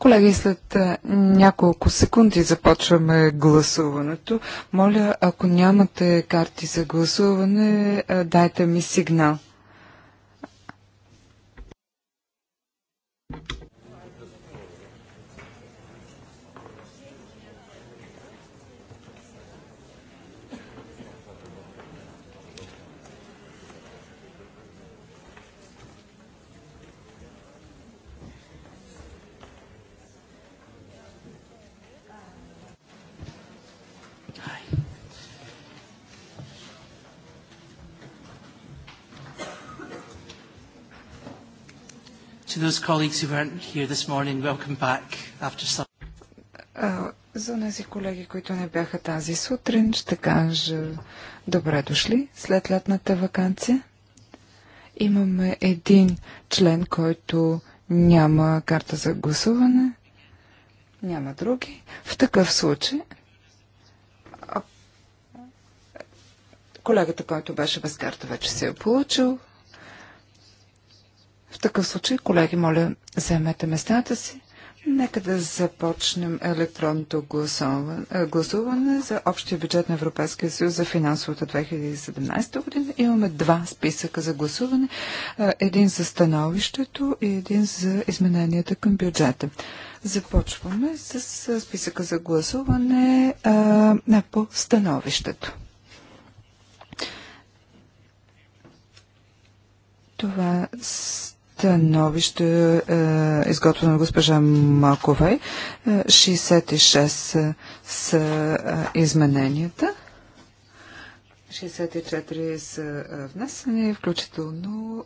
Колеги, след е, няколко секунди започваме гласуването. Моля, ако нямате карти за гласуване, е, дайте ми сигнал. those colleagues who weren't here this morning, welcome back after some... За тези колеги, които не бяха тази сутрин, ще кажа добре дошли след летната вакансия. Имаме един член, който няма карта за гласуване. Няма други. В такъв случай колегата, който беше без карта, вече се е получил. В такъв случай, колеги, моля, вземете местата си. Нека да започнем електронното е, гласуване за общия бюджет на Европейския съюз за финансовата 2017 година. Имаме два списъка за гласуване. Е, един за становището и един за измененията към бюджета. Започваме с е, списъка за гласуване а, по становището. Това Становище е, изготвено от госпожа Малковей. 66 е, са е, измененията. 64 са е, внесени, включително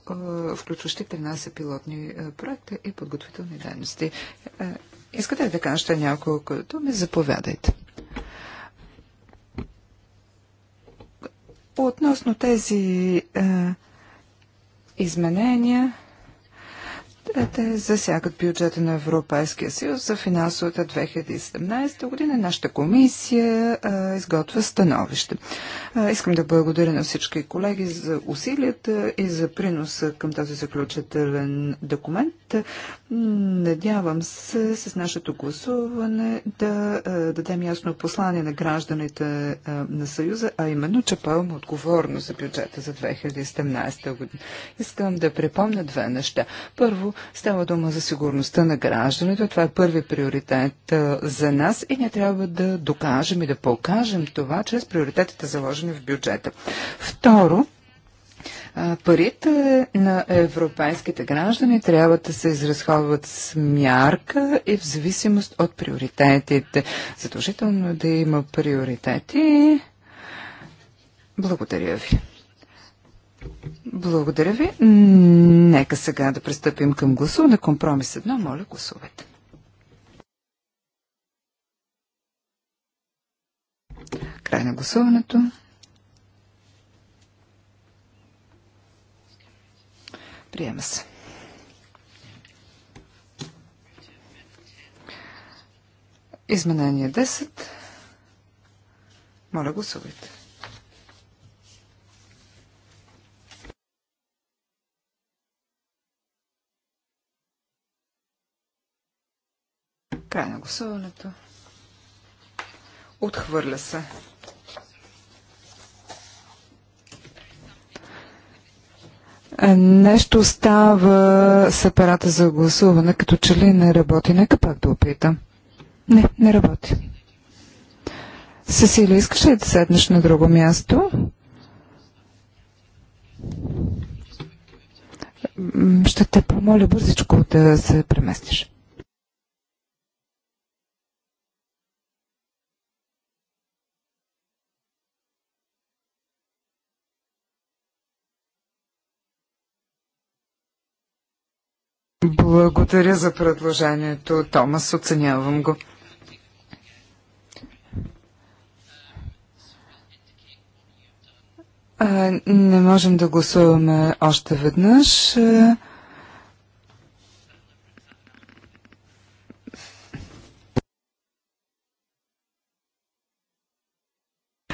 включващи 13 пилотни проекта и подготвителни дейности. Искате ли да кажете няколко думи? Заповядайте. Относно тези е, изменения, те засягат бюджета на Европейския съюз за финансовата 2017 година. Нашата комисия а, изготвя становище. А, искам да благодаря на всички колеги за усилията и за приноса към този заключителен документ. Надявам се с нашето гласуване да е, дадем ясно послание на гражданите е, на Съюза, а именно, че поема отговорно за бюджета за 2017 година. Искам да припомня две неща. Първо, става дума за сигурността на гражданите. Това е първи приоритет е, за нас и ние трябва да докажем и да покажем това чрез приоритетите заложени в бюджета. Второ, Парите на европейските граждани трябва да се изразходват с мярка и в зависимост от приоритетите. Задължително е да има приоритети. Благодаря ви. Благодаря ви. Нека сега да пристъпим към гласуване. Компромис едно, моля гласувайте. Край на гласуването. Приема се. Изменение 10. Моля, гласувайте. Край на гласуването. Отхвърля се. Е, нещо става с апарата за гласуване, като че ли не работи. Нека пак да опитам. Не, не работи. Сесилия, искаш ли да седнеш на друго място? Ще те помоля бързичко да се преместиш. Благодаря за предложението, Томас. Оценявам го. не можем да гласуваме още веднъж.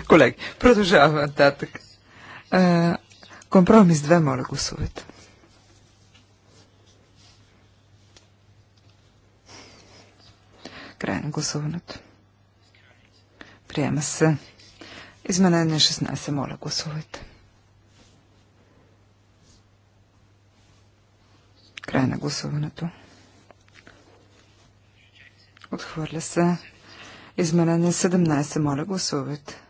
Колеги, продължаваме нататък. Компромис 2, моля гласувайте. Край на гласуването. Приема се. Изменение 16. Моля, гласувайте. Край на гласуването. Отхвърля се. Изменение 17. Моля, гласувайте.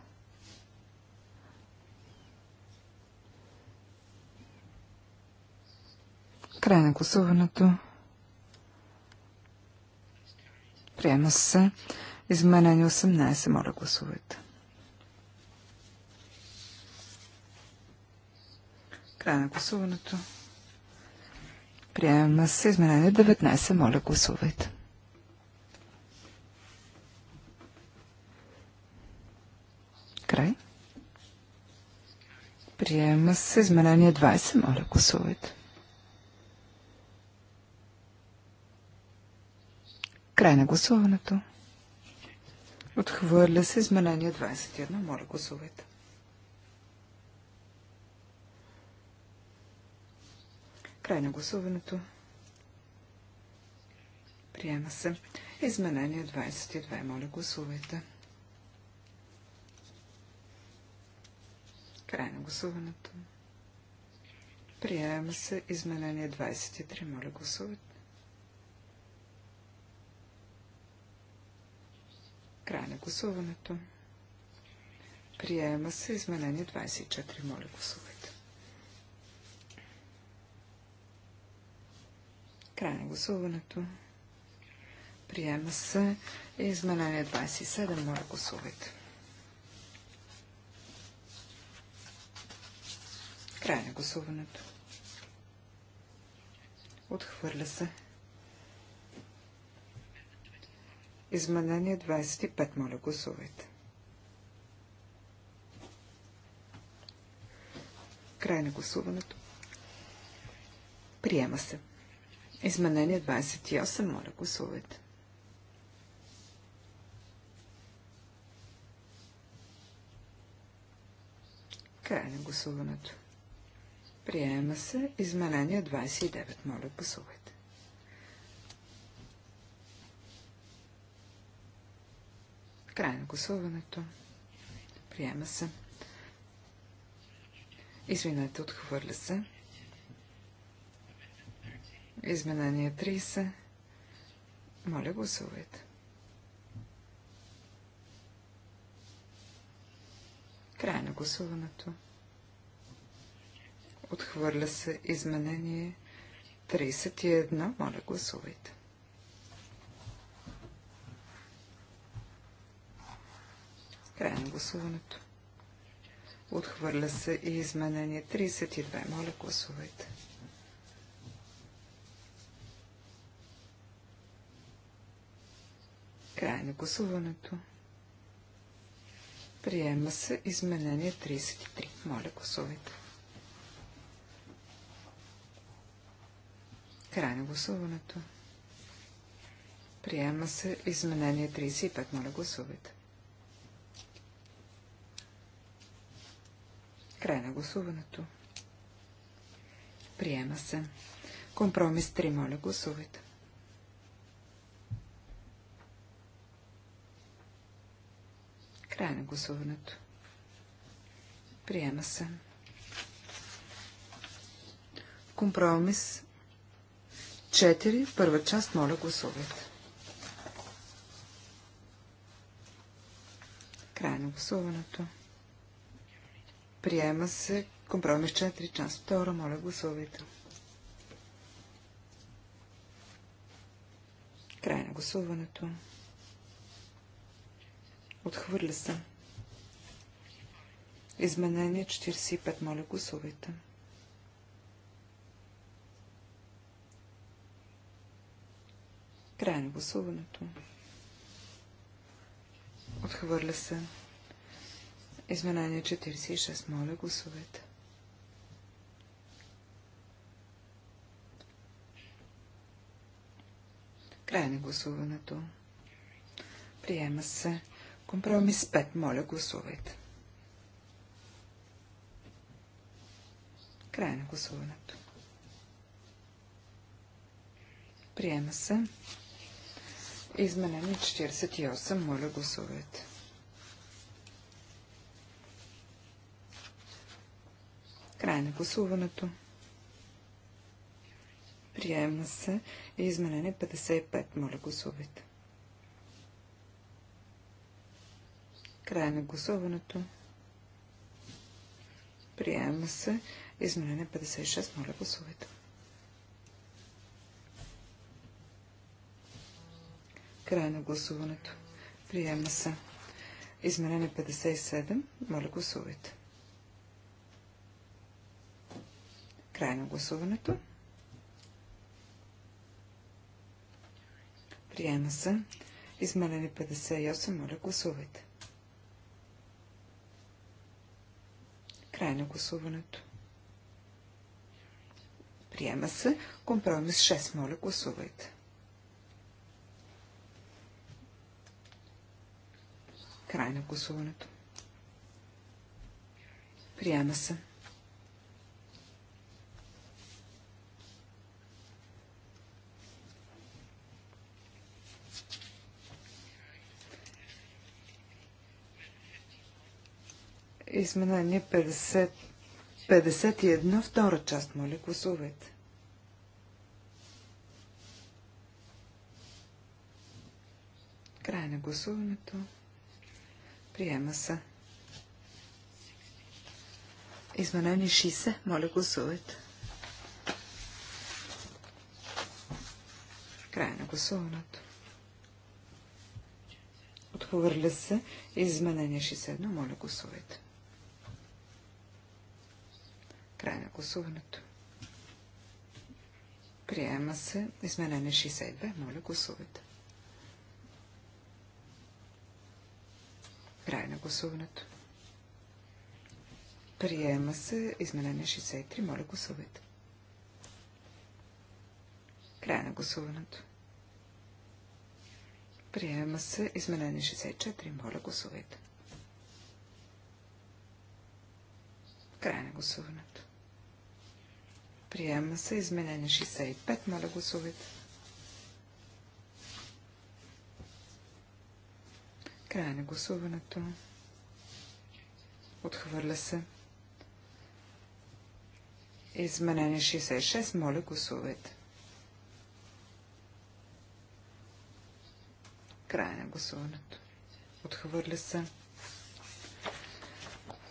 Край на гласуването. Приема се. Изменение 18. Моля, гласувайте. Край на гласуването. Приема се. Изменение 19. Моля, гласувайте. Край. Приема се. Изменение 20. Моля, гласувайте. Край на гласуването. Отхвърля се изменение 21. Моля, гласувайте. Край на гласуването. Приема се. Изменение 22. Моля, гласувайте. Край на гласуването. Приема се изменение 23. Моля, гласувайте. Край на гласуването. Приема се изменение 24. Моля, гласувайте. Край на гласуването. Приема се изменение 27. Моля, гласувайте. Край на гласуването. Отхвърля се. Изменение 25. Моля, гласувайте. Край на гласуването. Приема се. Изменение 28. Моля, гласувайте. Край на гласуването. Приема се. Изменение 29. Моля, гласувайте. Край на гласуването. Приема се. Извинете, отхвърля се. Изменение 30. Моля, гласувайте. Край на гласуването. Отхвърля се изменение 31. Моля, гласувайте. Край на гласуването. Отхвърля се и изменение 32. Моля, гласувайте. Край на гласуването. Приема се изменение 33. Моля, гласувайте. Край на гласуването. Приема се изменение 35. Моля, гласувайте. Край на гласуването. Приема се. Компромис 3. Моля, гласувайте. Край на гласуването. Приема се. Компромис 4. Първа част. Моля, гласувайте. Край на гласуването. Приема се компромис 4, част 2. Моля, гласувайте. Край на гласуването. Отхвърля се. Изменение 45. Моля, гласувайте. Край на гласуването. Отхвърля се. Изменение 46. Моля, гласувайте. Край на гласуването. Приема се. Компромис 5. Моля, гласувайте. Край на гласуването. Приема се. Изменение 48. Моля, гласувайте. Край на гласуването. Приема се и изменение 55. Моля, гласувайте. Край на гласуването. Приема се изменение 56. Моля, гласувайте. Край на гласуването. Приема се. Изменение 57. Моля, гласувайте. Край на гласуването. Приема се. Изменени 58. Моля, гласувайте. Край на гласуването. Приема се. Компромис 6. Моля, гласувайте. Край на гласуването. Приема се. Изменение 50, 51, втора част, моля, гласувайте. Край на гласуването. Приема се. Изменение 60. Моля, гласувайте. Край на гласуването. Отхвърля се. Изменение 61. Моля, гласувайте. Край на гласуването. Приема се изменение 62. Моля, гласувайте. Край на гласуването. Приема се изменение 63. Моля, гласувайте. Край на гласуването. Приема се изменение 64. Моля, гласувайте. Край на гласуването. Приема се изменение 65. Моля гласувайте. Край на гласуването. Отхвърля се. Изменение 66. Моля гласувайте. Край на гласуването. Отхвърля се.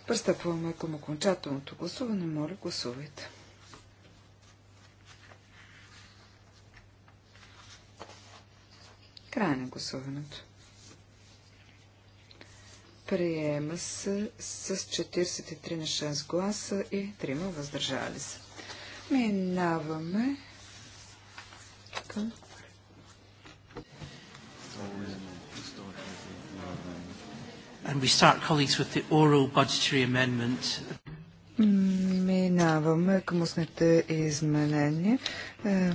Пристъпваме към окончателното гласуване. Моля гласувайте. Края на гласуването. Приема се с 43 на 6 гласа и 3 въздържали се. Минаваме към And we start, colleagues, with the oral budgetary amendment. Минаваме към устните изменения. Е,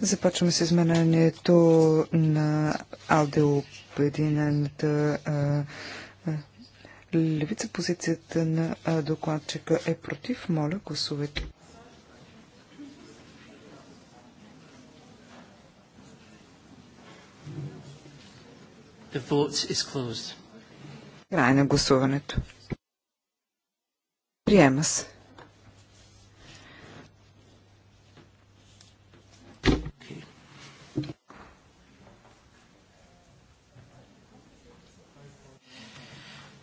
Започваме с изменението на аудио обединената левица. Позицията на докладчика е против. Моля, гласувайте. The vote is closed. Край на гласуването. Приема се.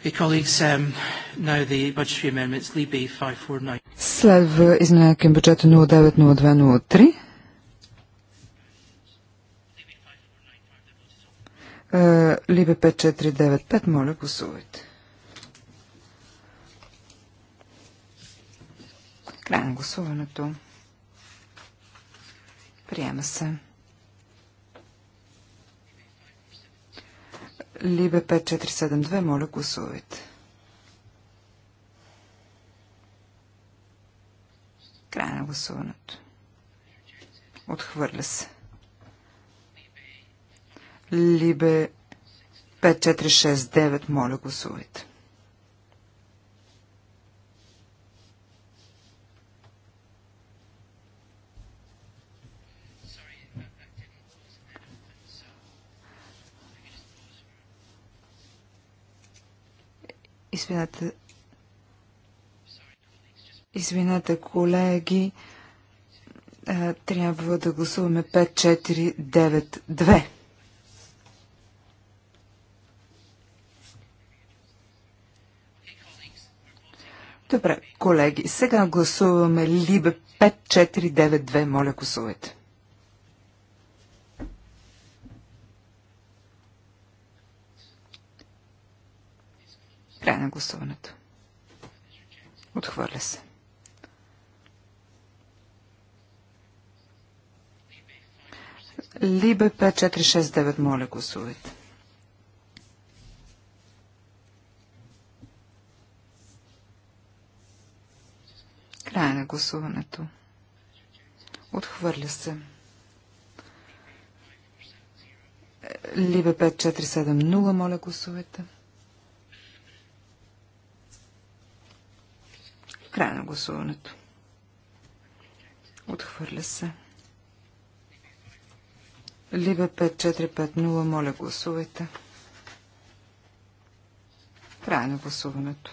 Um, Следва изменение към бюджета 090203. Е, Либе 5495, моля гласувайте. Край на гласуването. Приема се. Либе 5472, моля гласувайте. Край на гласуването. Отхвърля се. Либе 5469, моля гласувайте. Извинете. Извинете, колеги. Е, трябва да гласуваме 5-4-9-2. Добре, колеги, сега гласуваме Либе 5492. Моля, косовете. Край на гласуването. Отхвърля се. Либе 5469, моля гласувайте. Край на гласуването. Отхвърля се. Либе 5470, моля гласувайте. Край на гласуването. Отхвърля се. Либе 5450, моля гласувайте. Край на гласуването.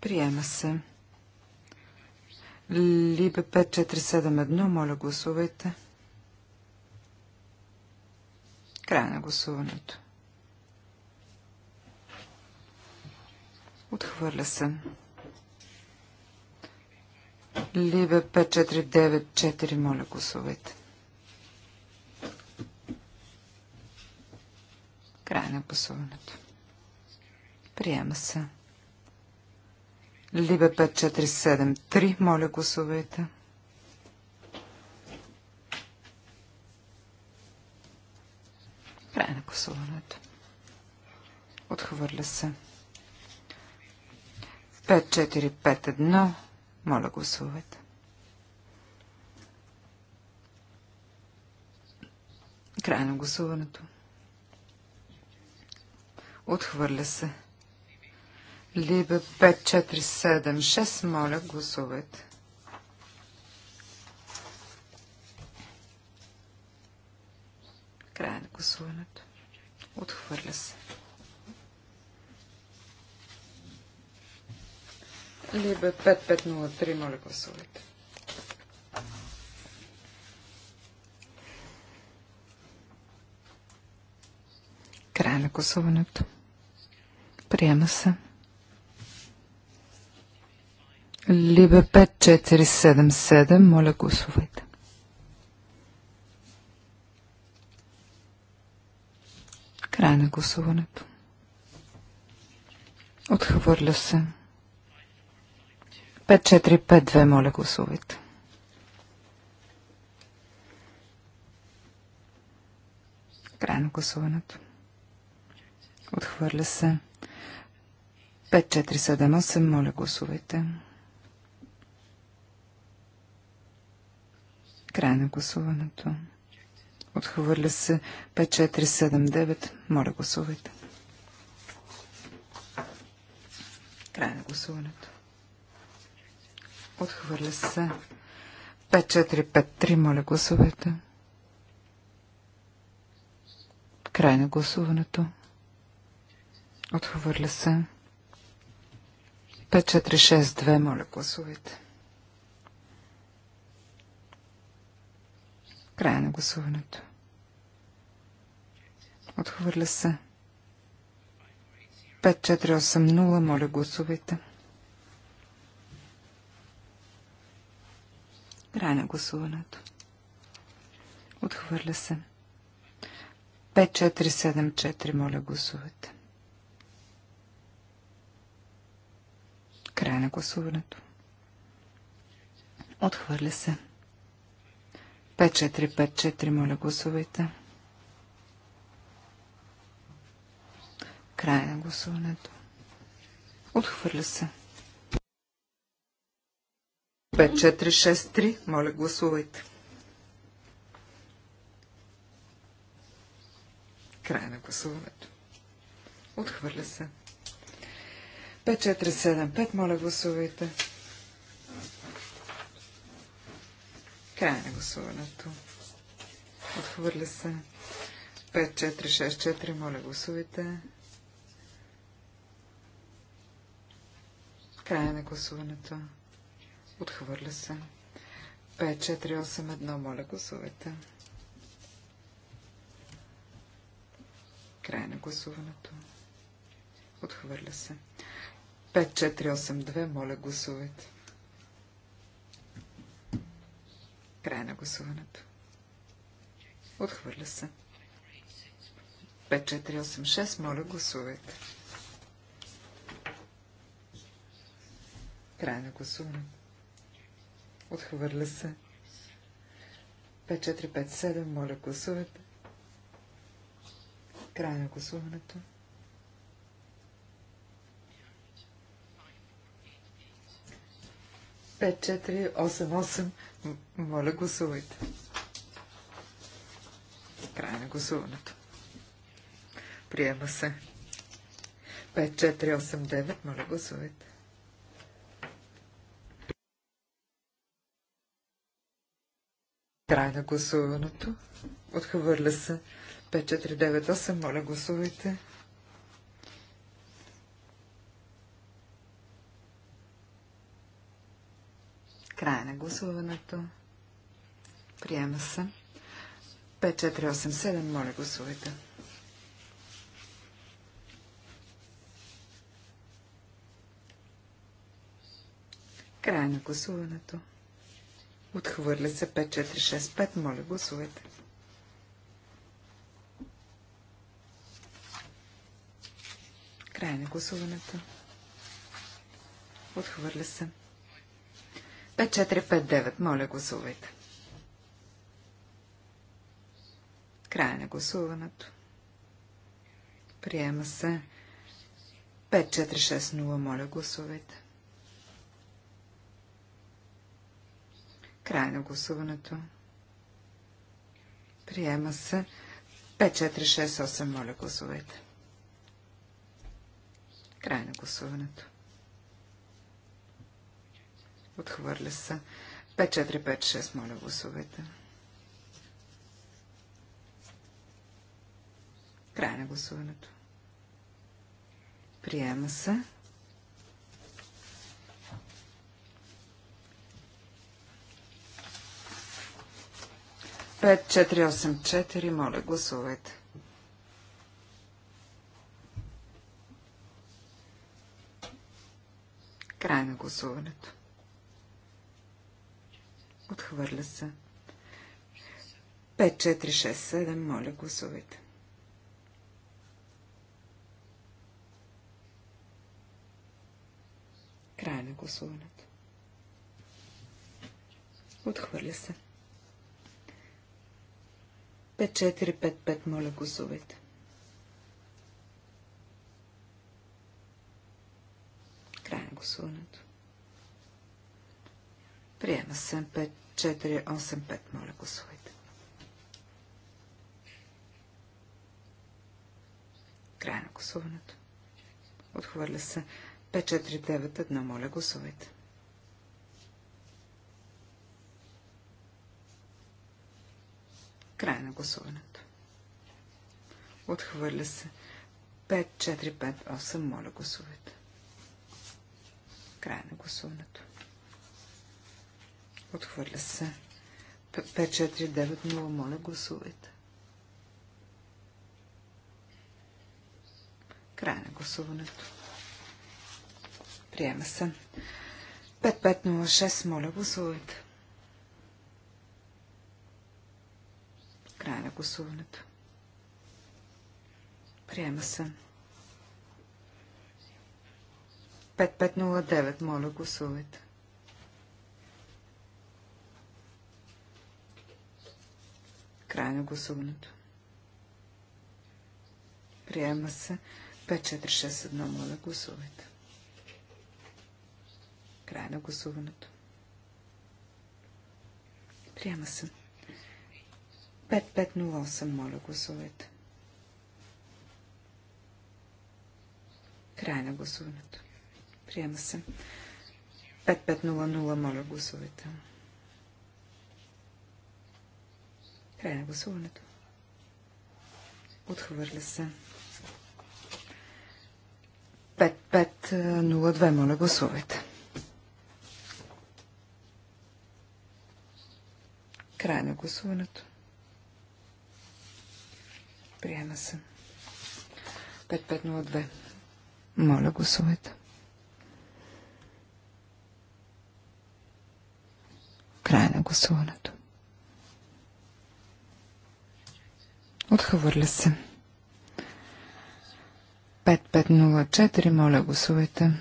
Приема се. Либе 5471, моля гласувайте. Край на гласуването. Отхвърля се. Либе 5494, моля гласовете. Край на гласуването. Приема се. Либе 5473, моля гласовете. Край на гласуването. Отхвърля се. 5451. Моля, гласувайте. Край на гласуването. Отхвърля се. Либе 5476. Моля, гласувайте. Край на гласуването. Отхвърля се. Либе 5503, моля гласувайте. Край на гласуването. Приема се. Либе 5477, моля гласувайте. Край на гласуването. Отхвърля се. 5452, моля гласувайте. Край на гласуването. Отхвърля се. 5478, моля гласувайте. Край на гласуването. Отхвърля се 5479. Моля гласувайте. Край на гласуването. Отхвърля се. 5-4-5-3, моля гласовете. Край на гласуването. Отхвърля се. 5-4-6-2, моля гласовете. Край на гласуването. Отхвърля се. 5480, моля гласовете. 5-4-8-0. Край на гласуването. Отхвърля се. 5474, моля гласувате. Край на гласуването. Отхвърля се. 5454, моля гласувайте. Край на гласуването. Отхвърля се. 5454. 5463. Моля, гласувайте. Край на гласуването. Отхвърля се. 5475. Моля, гласувайте. Край на гласуването. Отхвърля се. 5464. Моля, гласувайте. Край на гласуването. Отхвърля се. 5481, моля гласувайте. Край на гласуването. Отхвърля се. 5482, моля гласувайте. Край на гласуването. Отхвърля се. 5486, моля гласувайте. Край на гласуването. Отхвърля се. 5457, моля гласувате. Край на гласуването. Пет, четири, осем, осем. Моля, гласувайте. Край на гласуването. Приема се. 5489, моля гласувайте. Край на гласуването. Отхвърля се. 5498. Моля, гласувайте. Край на гласуването. Приема се. 5487. Моля, гласувайте. Край на гласуването. Отхвърля се 5465. Моля, гласувайте. Край на гласуването. Отхвърля се. 5459. Моля, гласувайте. Край на гласуването. Приема се. 5460. Моля, гласувайте. Край на гласуването. Приема се. 5-4-6-8, моля гласувайте. Край на гласуването. Отхвърля се. 5-4-5-6, моля гласувайте. Край на гласуването. Приема се. 5484, моля, гласувайте. Край на гласуването. Отхвърля се. 5467, моля, гласувайте. Край на гласуването. Отхвърля се. 5468. 5455, моля гласувайте. Край на гласуването. Приема се 5485, моля гласувайте. Край на гласуването. Отхвърля се 5491, моля гласувайте. Край на гласуването. Отхвърля се. 8. Моля, гласувайте. Край на гласуването. Отхвърля се. 5490. Моля, гласувайте. Край на гласуването. Приема се. 5506. Моля, гласувайте. гласуването. Приема се. 5509, моля гласувайте. Край на гласуването. Приема се 5461, моля гласувайте. Край на гласуването. Приема се. 5508, моля гласувайте. Край на гласуването. Приема се. 5500, моля гласувайте. Край на гласуването. Отхвърля се. 5502, моля гласувайте. Край на гласуването. Приема се. 5502. Моля, гласувайте. Край на гласуването. Отхвърля се. 5504. Моля, гласувайте.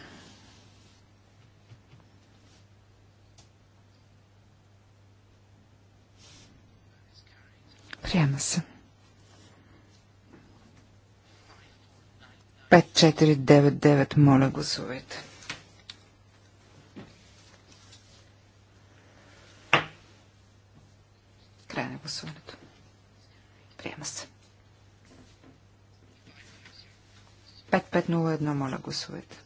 Приема се. 5499, моля гласувайте. Край на гласуването. Приема се. 5501, моля гласувайте.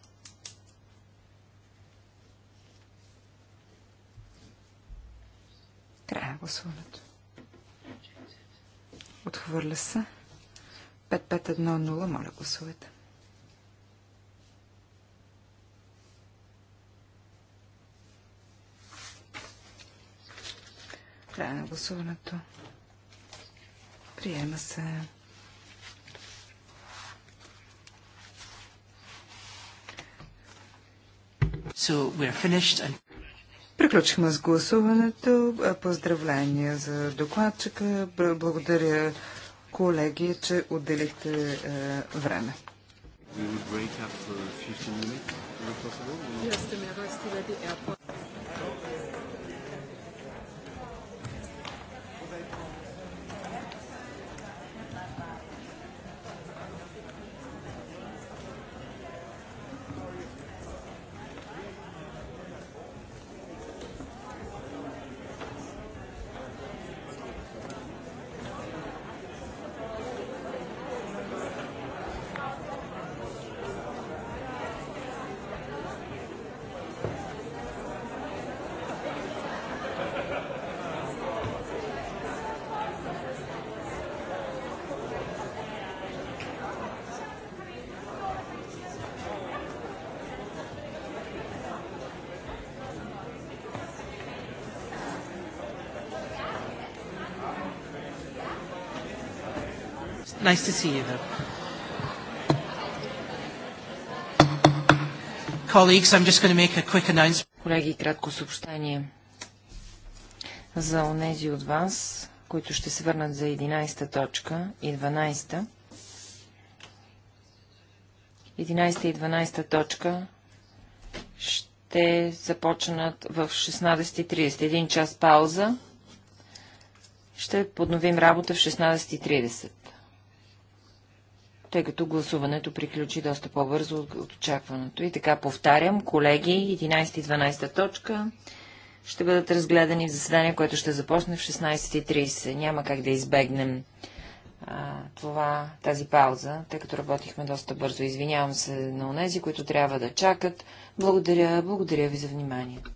Край на гласуването. Отхвърля се. 5510, моля гласувайте. Край на гласуването. Приема се. So we're finished and... Приключихме с гласуването. Поздравления за докладчика. Благодаря, колеги, че отделихте е, време. We would break up for 15 minutes. possible? Yes, the mayor is still at the airport. Nice to see you, though. Colleagues, I'm just going to make a quick announcement. Колеги, кратко съобщение за онези от вас, които ще се върнат за 11-та точка и 12-та. 11-та и 12-та точка ще започнат в 16.30. Един час пауза. Ще подновим работа в 16.30 тъй като гласуването приключи доста по-бързо от очакваното. И така повтарям, колеги, 11 и 12 точка ще бъдат разгледани в заседание, което ще започне в 16.30. Няма как да избегнем а, това, тази пауза, тъй като работихме доста бързо. Извинявам се на онези, които трябва да чакат. Благодаря, благодаря ви за вниманието.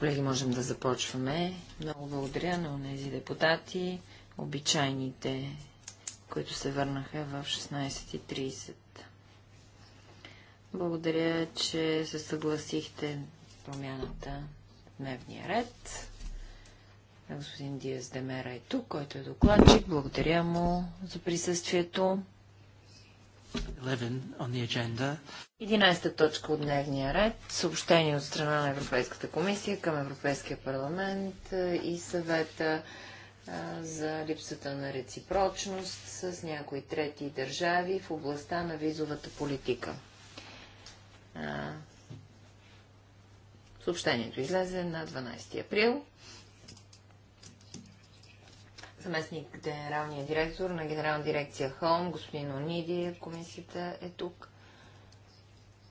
Колеги, можем да започваме. Много благодаря на тези депутати, обичайните, които се върнаха в 16.30. Благодаря, че се съгласихте промяната в дневния ред. Господин Диас Демера е тук, който е докладчик. Благодаря му за присъствието. 11 точка от дневния ред. Съобщение от страна на Европейската комисия към Европейския парламент и съвета за липсата на реципрочност с някои трети държави в областта на визовата политика. Съобщението излезе на 12 април заместник генералния директор на генерална дирекция ХОМ, господин Ониди комисията е тук.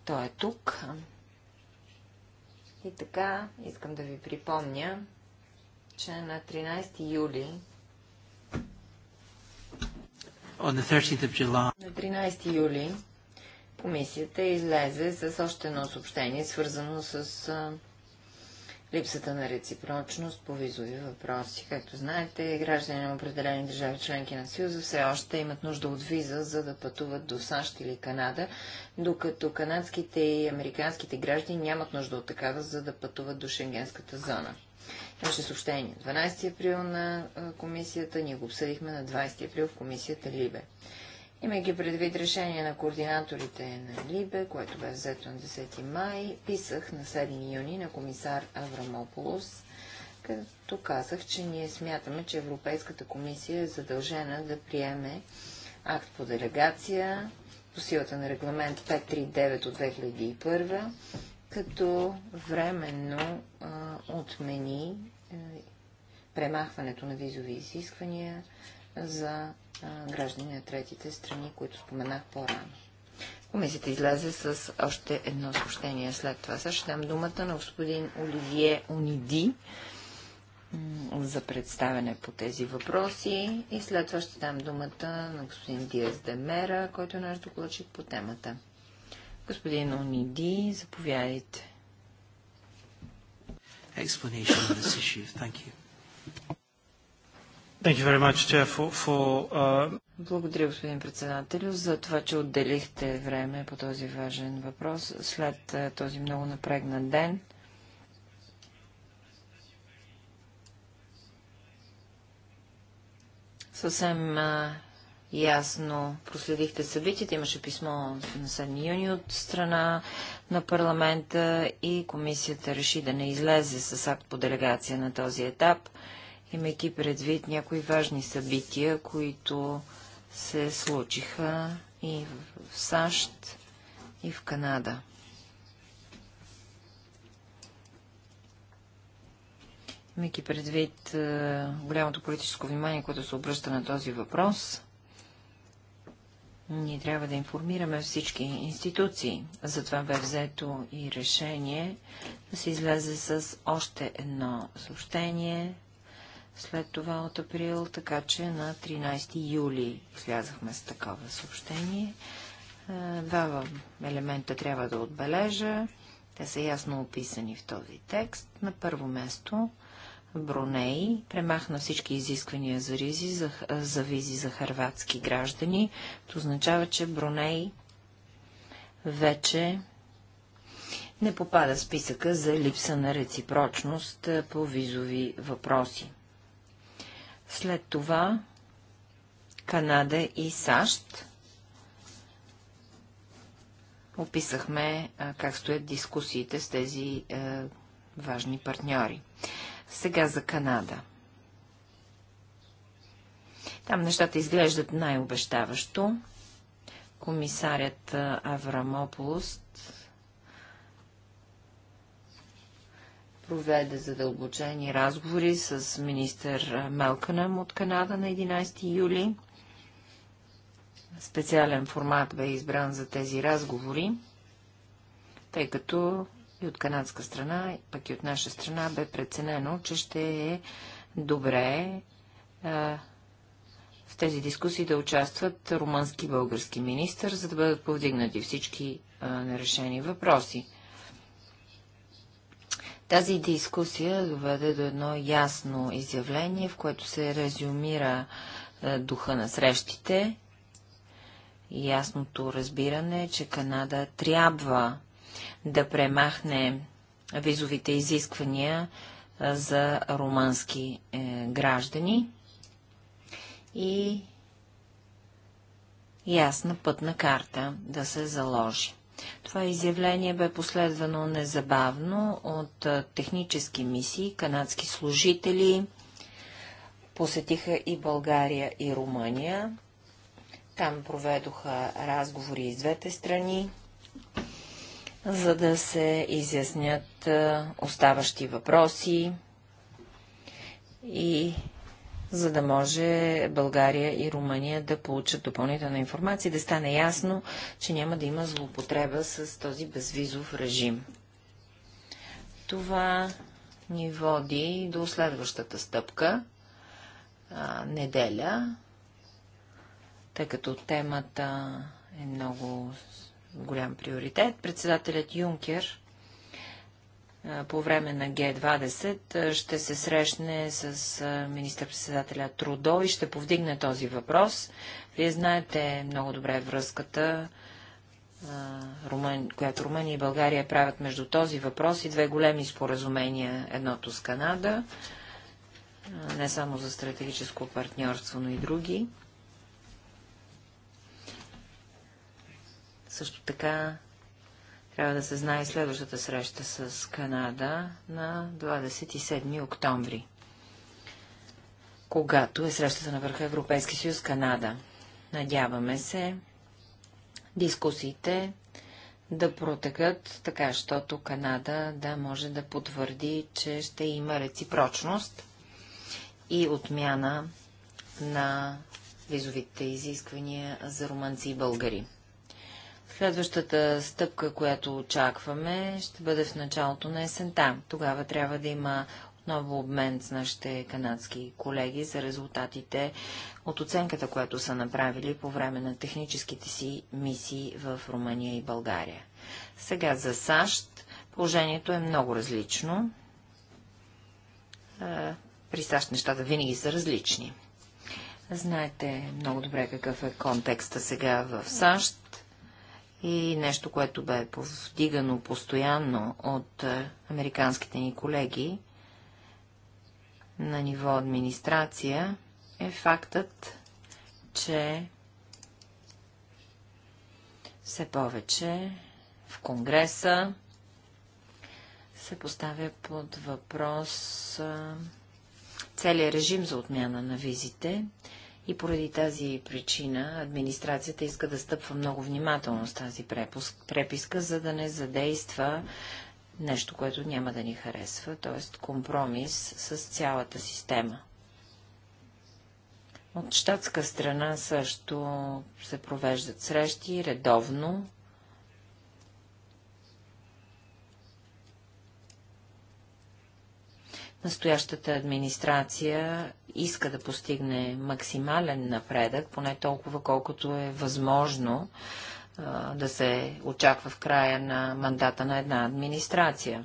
Той е тук. И така, искам да ви припомня, че на 13 юли On the th of July. На 13 юли комисията излезе с още едно съобщение, свързано с липсата на реципрочност по визови въпроси. Както знаете, граждани на определени държави членки на Съюза все още имат нужда от виза, за да пътуват до САЩ или Канада, докато канадските и американските граждани нямат нужда от такава, за да пътуват до Шенгенската зона. Имаше съобщение 12 април на комисията, ние го обсъдихме на 20 април в комисията Либе. Имайки предвид решение на координаторите на Либе, което бе взето на 10 май, писах на 7 юни на комисар Аврамополос, като казах, че ние смятаме, че Европейската комисия е задължена да приеме акт по делегация по силата на регламент 539 от 2001, като временно а, отмени а, е, премахването на визови изисквания за граждани на третите страни, които споменах по-рано. Комисията излезе с още едно съобщение след това. Сега ще дам думата на господин Оливие Ониди за представяне по тези въпроси и след това ще дам думата на господин Диас Демера, който е наш докладчик по темата. Господин Ониди, заповядайте. Explanation of this issue. Thank you. Uh, Благодаря, господин председателю, за това, че отделихте време по този важен въпрос след е, този много напрегнат ден. Съвсем а, е, ясно проследихте събитията. Имаше писмо на 7 юни от страна на парламента и комисията реши да не излезе с акт по делегация на този етап имайки предвид някои важни събития, които се случиха и в САЩ, и в Канада. Имайки предвид е, голямото политическо внимание, което се обръща на този въпрос, ние трябва да информираме всички институции. Затова бе взето и решение да се излезе с още едно съобщение след това от април, така че на 13 юли излязахме с такова съобщение. Е, два елемента трябва да отбележа. Те са ясно описани в този текст. На първо място Бруней премахна всички изисквания за, ризи, за, за визи за харватски граждани. Това означава, че Бруней вече не попада в списъка за липса на реципрочност е, по визови въпроси. След това Канада и САЩ. Описахме а, как стоят дискусиите с тези е, важни партньори. Сега за Канада. Там нещата изглеждат най-обещаващо. Комисарят е, Аврамополост проведе задълбочени разговори с министър Мелканъм от Канада на 11 юли. Специален формат бе избран за тези разговори, тъй като и от канадска страна, пък и от наша страна бе преценено, че ще е добре в тези дискусии да участват румънски и български министър, за да бъдат повдигнати всички а, нерешени въпроси. Тази дискусия доведе до едно ясно изявление, в което се резюмира е, духа на срещите и ясното разбиране, е, че Канада трябва да премахне визовите изисквания е, за румънски граждани и ясна пътна карта да се заложи. Това изявление бе последвано незабавно от технически мисии, канадски служители посетиха и България и Румъния. Там проведоха разговори из двете страни, за да се изяснят оставащи въпроси и за да може България и Румъния да получат допълнителна информация и да стане ясно, че няма да има злоупотреба с този безвизов режим. Това ни води до следващата стъпка а, неделя, тъй като темата е много голям приоритет. Председателят Юнкер по време на Г-20 ще се срещне с министър-председателя Трудо и ще повдигне този въпрос. Вие знаете много добре връзката, която Румъния и България правят между този въпрос и две големи споразумения, едното с Канада, не само за стратегическо партньорство, но и други. Също така трябва да се знае следващата среща с Канада на 27 октомври, когато е срещата на върха Европейски съюз Канада. Надяваме се дискусиите да протекат така, щото Канада да може да потвърди, че ще има реципрочност и отмяна на визовите изисквания за румънци и българи. Следващата стъпка, която очакваме, ще бъде в началото на есента. Тогава трябва да има отново обмен с нашите канадски колеги за резултатите от оценката, която са направили по време на техническите си мисии в Румъния и България. Сега за САЩ положението е много различно. При САЩ нещата винаги са различни. Знаете много добре какъв е контекста сега в САЩ и нещо, което бе повдигано постоянно от е, американските ни колеги на ниво администрация, е фактът, че все повече в Конгреса се поставя под въпрос е, целият режим за отмяна на визите и поради тази причина администрацията иска да стъпва много внимателно с тази преписка, за да не задейства нещо, което няма да ни харесва, т.е. компромис с цялата система. От щатска страна също се провеждат срещи редовно Настоящата администрация иска да постигне максимален напредък, поне толкова колкото е възможно да се очаква в края на мандата на една администрация.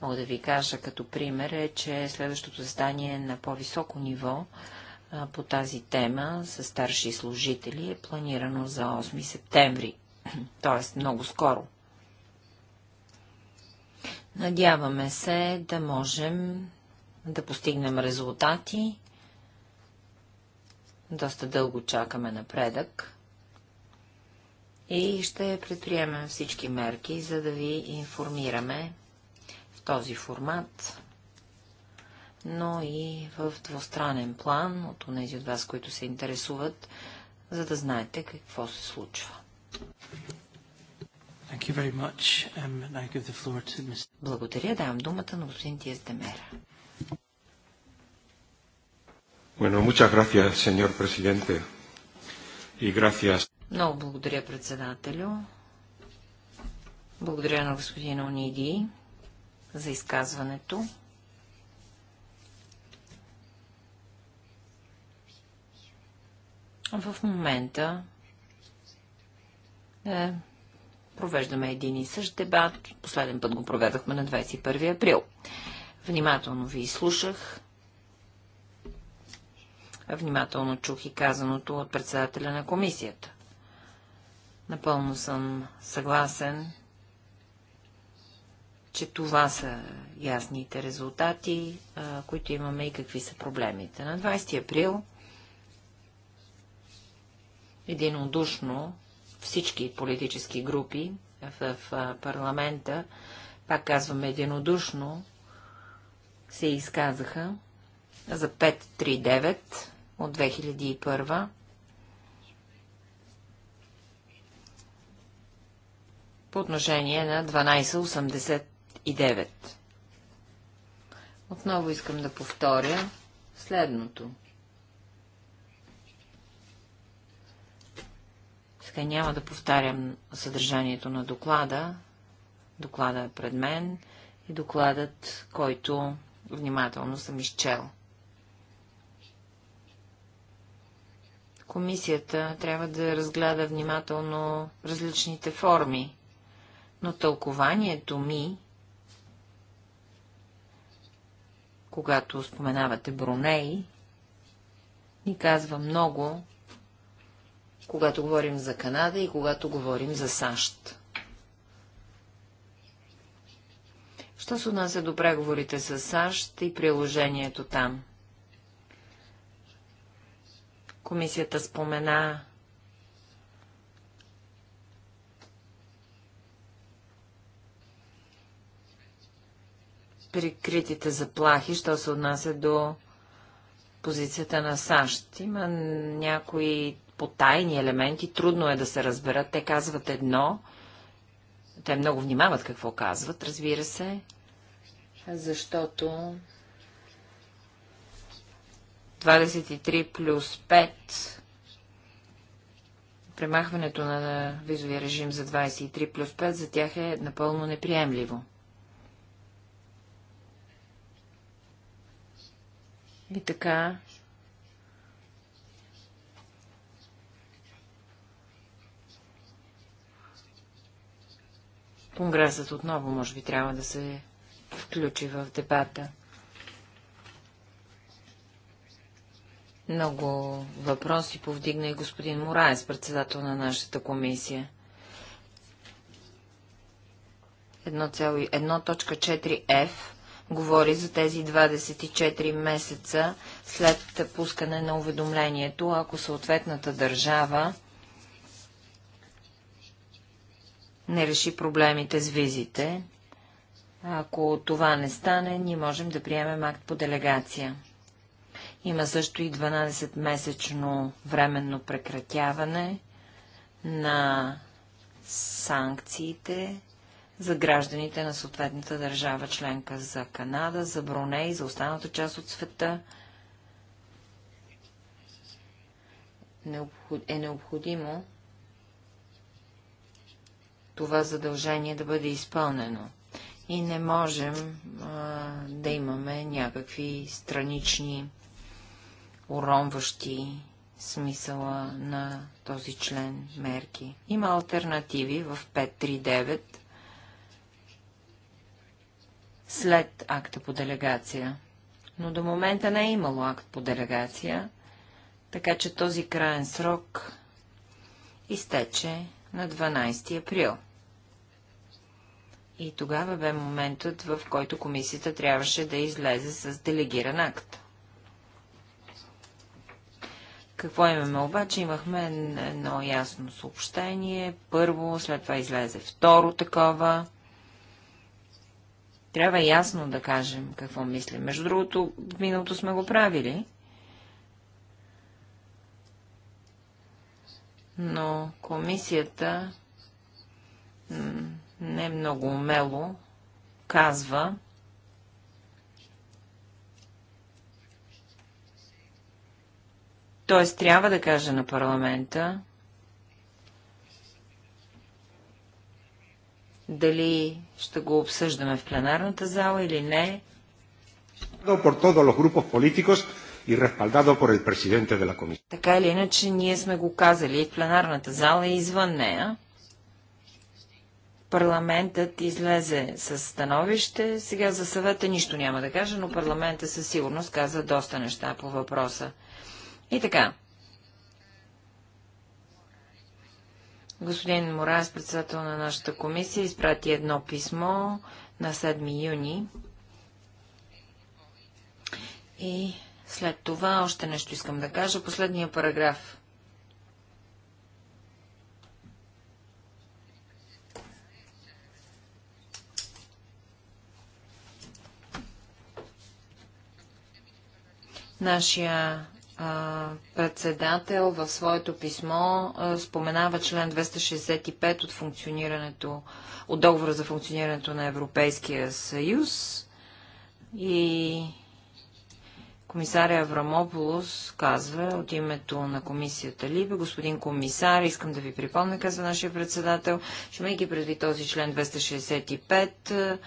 Мога да ви кажа като пример е, че следващото задание на по-високо ниво по тази тема с старши служители е планирано за 8 септември, т.е. много скоро. Надяваме се да можем да постигнем резултати. Доста дълго чакаме напредък. И ще предприемем всички мерки, за да ви информираме в този формат, но и в двустранен план от тези от вас, които се интересуват, за да знаете какво се случва. Um, Благодаря. Давам думата на господин Диас Демера. Bueno, muchas gracias, señor presidente. Y gracias. Много благодаря, председателю. Благодаря на господин Ониди за изказването. В момента е провеждаме един и същ дебат. Последен път го проведахме на 21 април. Внимателно ви изслушах. Внимателно чух и казаното от председателя на комисията. Напълно съм съгласен, че това са ясните резултати, които имаме и какви са проблемите. На 20 април единодушно всички политически групи в, парламента, пак казвам единодушно, се изказаха за 539 от 2001. по отношение на 1289. Отново искам да повторя следното. Така няма да повтарям съдържанието на доклада. Доклада е пред мен и докладът, който внимателно съм изчел. Комисията трябва да разгледа внимателно различните форми, но тълкованието ми, когато споменавате Бруней, ни казва много когато говорим за Канада и когато говорим за САЩ. Що се отнася до преговорите с САЩ и приложението там? Комисията спомена прикритите заплахи, що се отнася до позицията на САЩ. Има някои потайни елементи, трудно е да се разберат. Те казват едно, те много внимават какво казват, разбира се, защото 23 плюс 5, премахването на визовия режим за 23 плюс 5 за тях е напълно неприемливо. И така, Конгресът отново, може би, трябва да се включи в дебата. Много въпроси повдигна и господин Мораес, председател на нашата комисия. 1.4F говори за тези 24 месеца след пускане на уведомлението, ако съответната държава не реши проблемите с визите. Ако това не стане, ние можем да приемем акт по делегация. Има също и 12-месечно временно прекратяване на санкциите за гражданите на съответната държава членка за Канада, за Бруней, за останалата част от света. е необходимо това задължение да бъде изпълнено. И не можем а, да имаме някакви странични, уронващи смисъла на този член мерки. Има альтернативи в 539 след акта по делегация. Но до момента не е имало акт по делегация, така че този краен срок изтече на 12 април. И тогава бе моментът, в който комисията трябваше да излезе с делегиран акт. Какво имаме обаче? Имахме едно ясно съобщение. Първо, след това излезе второ такова. Трябва ясно да кажем какво мислим. Между другото, в миналото сме го правили. Но комисията не много умело казва, т.е. трябва да каже на парламента, дали ще го обсъждаме в пленарната зала или не. Така или иначе, ние сме го казали и в пленарната зала и извън нея. Парламентът излезе с становище. Сега за съвета нищо няма да кажа, но парламента със сигурност каза доста неща по въпроса. И така. Господин Морас, председател на нашата комисия, изпрати едно писмо на 7 юни. И след това още нещо искам да кажа. Последния параграф Нашия председател в своето писмо споменава член 265 от функционирането, от договора за функционирането на Европейския съюз и комисаря Аврамополос казва от името на комисията Либе, господин комисар, искам да ви припомня, казва нашия председател, че имайки предвид този член 265,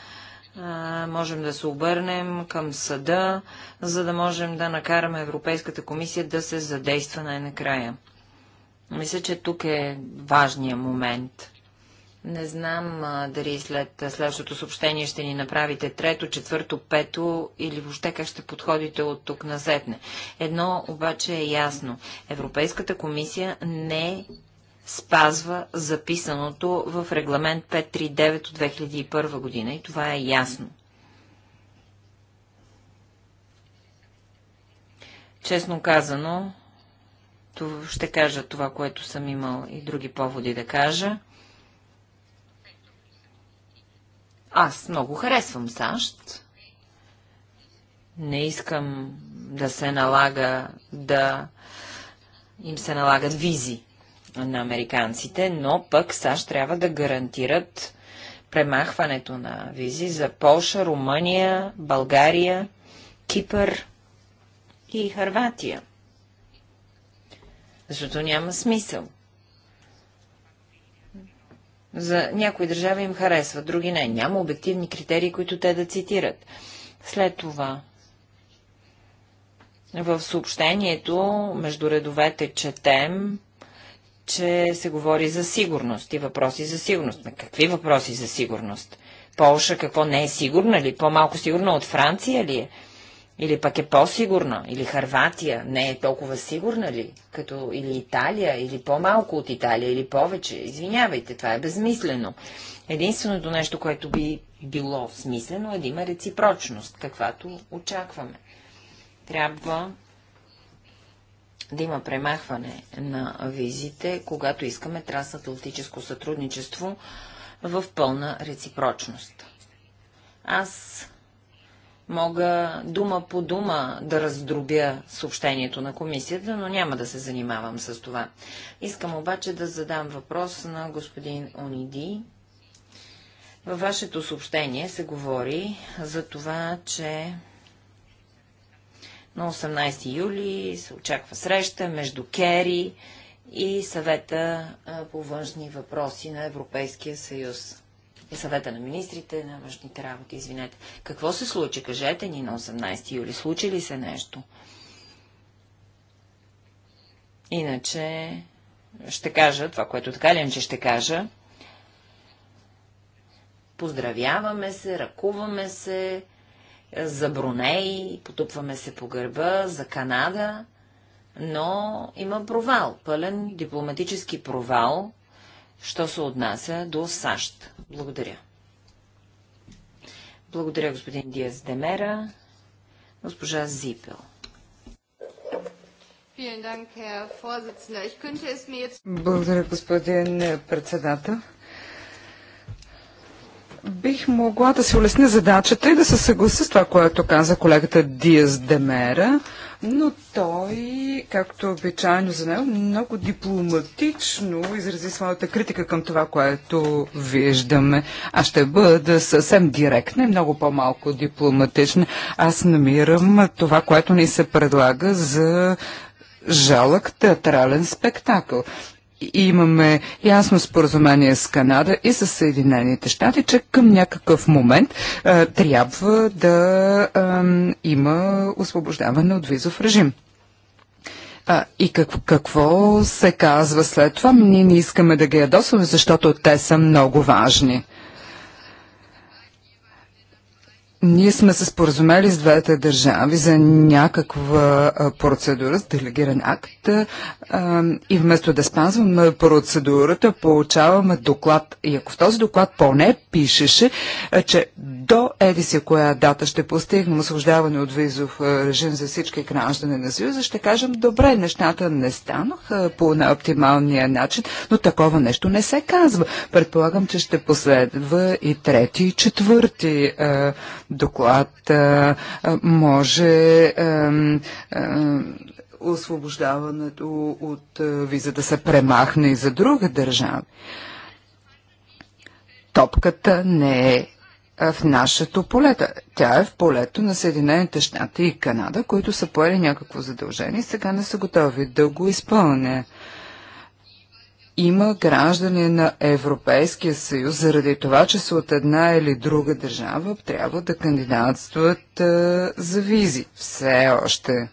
можем да се обърнем към съда, за да можем да накараме Европейската комисия да се задейства най-накрая. Мисля, че тук е важният момент. Не знам дали след следващото съобщение ще ни направите трето, четвърто, пето или въобще как ще подходите от тук насетне. Едно обаче е ясно. Европейската комисия не спазва записаното в регламент 539 от 2001 година и това е ясно. Честно казано, ще кажа това, което съм имал и други поводи да кажа. Аз много харесвам САЩ. Не искам да се налага да им се налагат визи на американците, но пък САЩ трябва да гарантират премахването на визи за Полша, Румъния, България, Кипър и Харватия. Защото няма смисъл. За някои държави им харесва, други не. Няма обективни критерии, които те да цитират. След това, в съобщението между редовете четем, че се говори за сигурност и въпроси за сигурност. На какви въпроси за сигурност? Полша какво не е сигурна ли? По-малко сигурна от Франция ли е? Или пък е по-сигурна? Или Харватия не е толкова сигурна ли? Като или Италия, или по-малко от Италия, или повече? Извинявайте, това е безмислено. Единственото нещо, което би било смислено е да има реципрочност, каквато очакваме. Трябва да има премахване на визите, когато искаме трансатлантическо сътрудничество в пълна реципрочност. Аз мога дума по дума да раздробя съобщението на комисията, но няма да се занимавам с това. Искам обаче да задам въпрос на господин Ониди. Във вашето съобщение се говори за това, че на 18 юли се очаква среща между Кери и съвета по външни въпроси на Европейския съюз. И съвета на министрите на външните работи, извинете. Какво се случи? Кажете ни на 18 юли. Случи ли се нещо? Иначе ще кажа това, което така ли че ще кажа. Поздравяваме се, ръкуваме се, за Бруней, потупваме се по гърба, за Канада, но има провал, пълен дипломатически провал, що се отнася до САЩ. Благодаря. Благодаря, господин Диас Демера. Госпожа Зипел. Благодаря, господин председател. Бих могла да си улесня задачата и да се съглася с това, което каза колегата Диас Демера, но той, както обичайно за него, много дипломатично изрази своята критика към това, което виждаме. Аз ще бъда съвсем директна и много по-малко дипломатична. Аз намирам това, което ни се предлага за жалък театрален спектакъл имаме ясно споразумение с Канада и с Съединените щати, че към някакъв момент а, е, трябва да а, има освобождаване от визов режим. А, и как, какво се казва след това? Ние не искаме да ги ядосваме, защото те са много важни. Ние сме се споразумели с двете държави за някаква процедура с делегиран акт и вместо да спазваме процедурата, получаваме доклад. И ако в този доклад поне пишеше, че до еди си коя дата ще постигнем освобождаване от визов режим за всички граждани на Съюза, ще кажем, добре, нещата не станаха по на оптималния начин, но такова нещо не се казва. Предполагам, че ще последва и трети и четвърти доклад може освобождаването от виза да се премахне и за друга държава. Топката не е в нашето полета. Тя е в полето на Съединените щати и Канада, които са поели някакво задължение и сега не са готови да го изпълня има граждане на Европейския съюз, заради това, че са от една или друга държава, трябва да кандидатстват а, за визи. Все още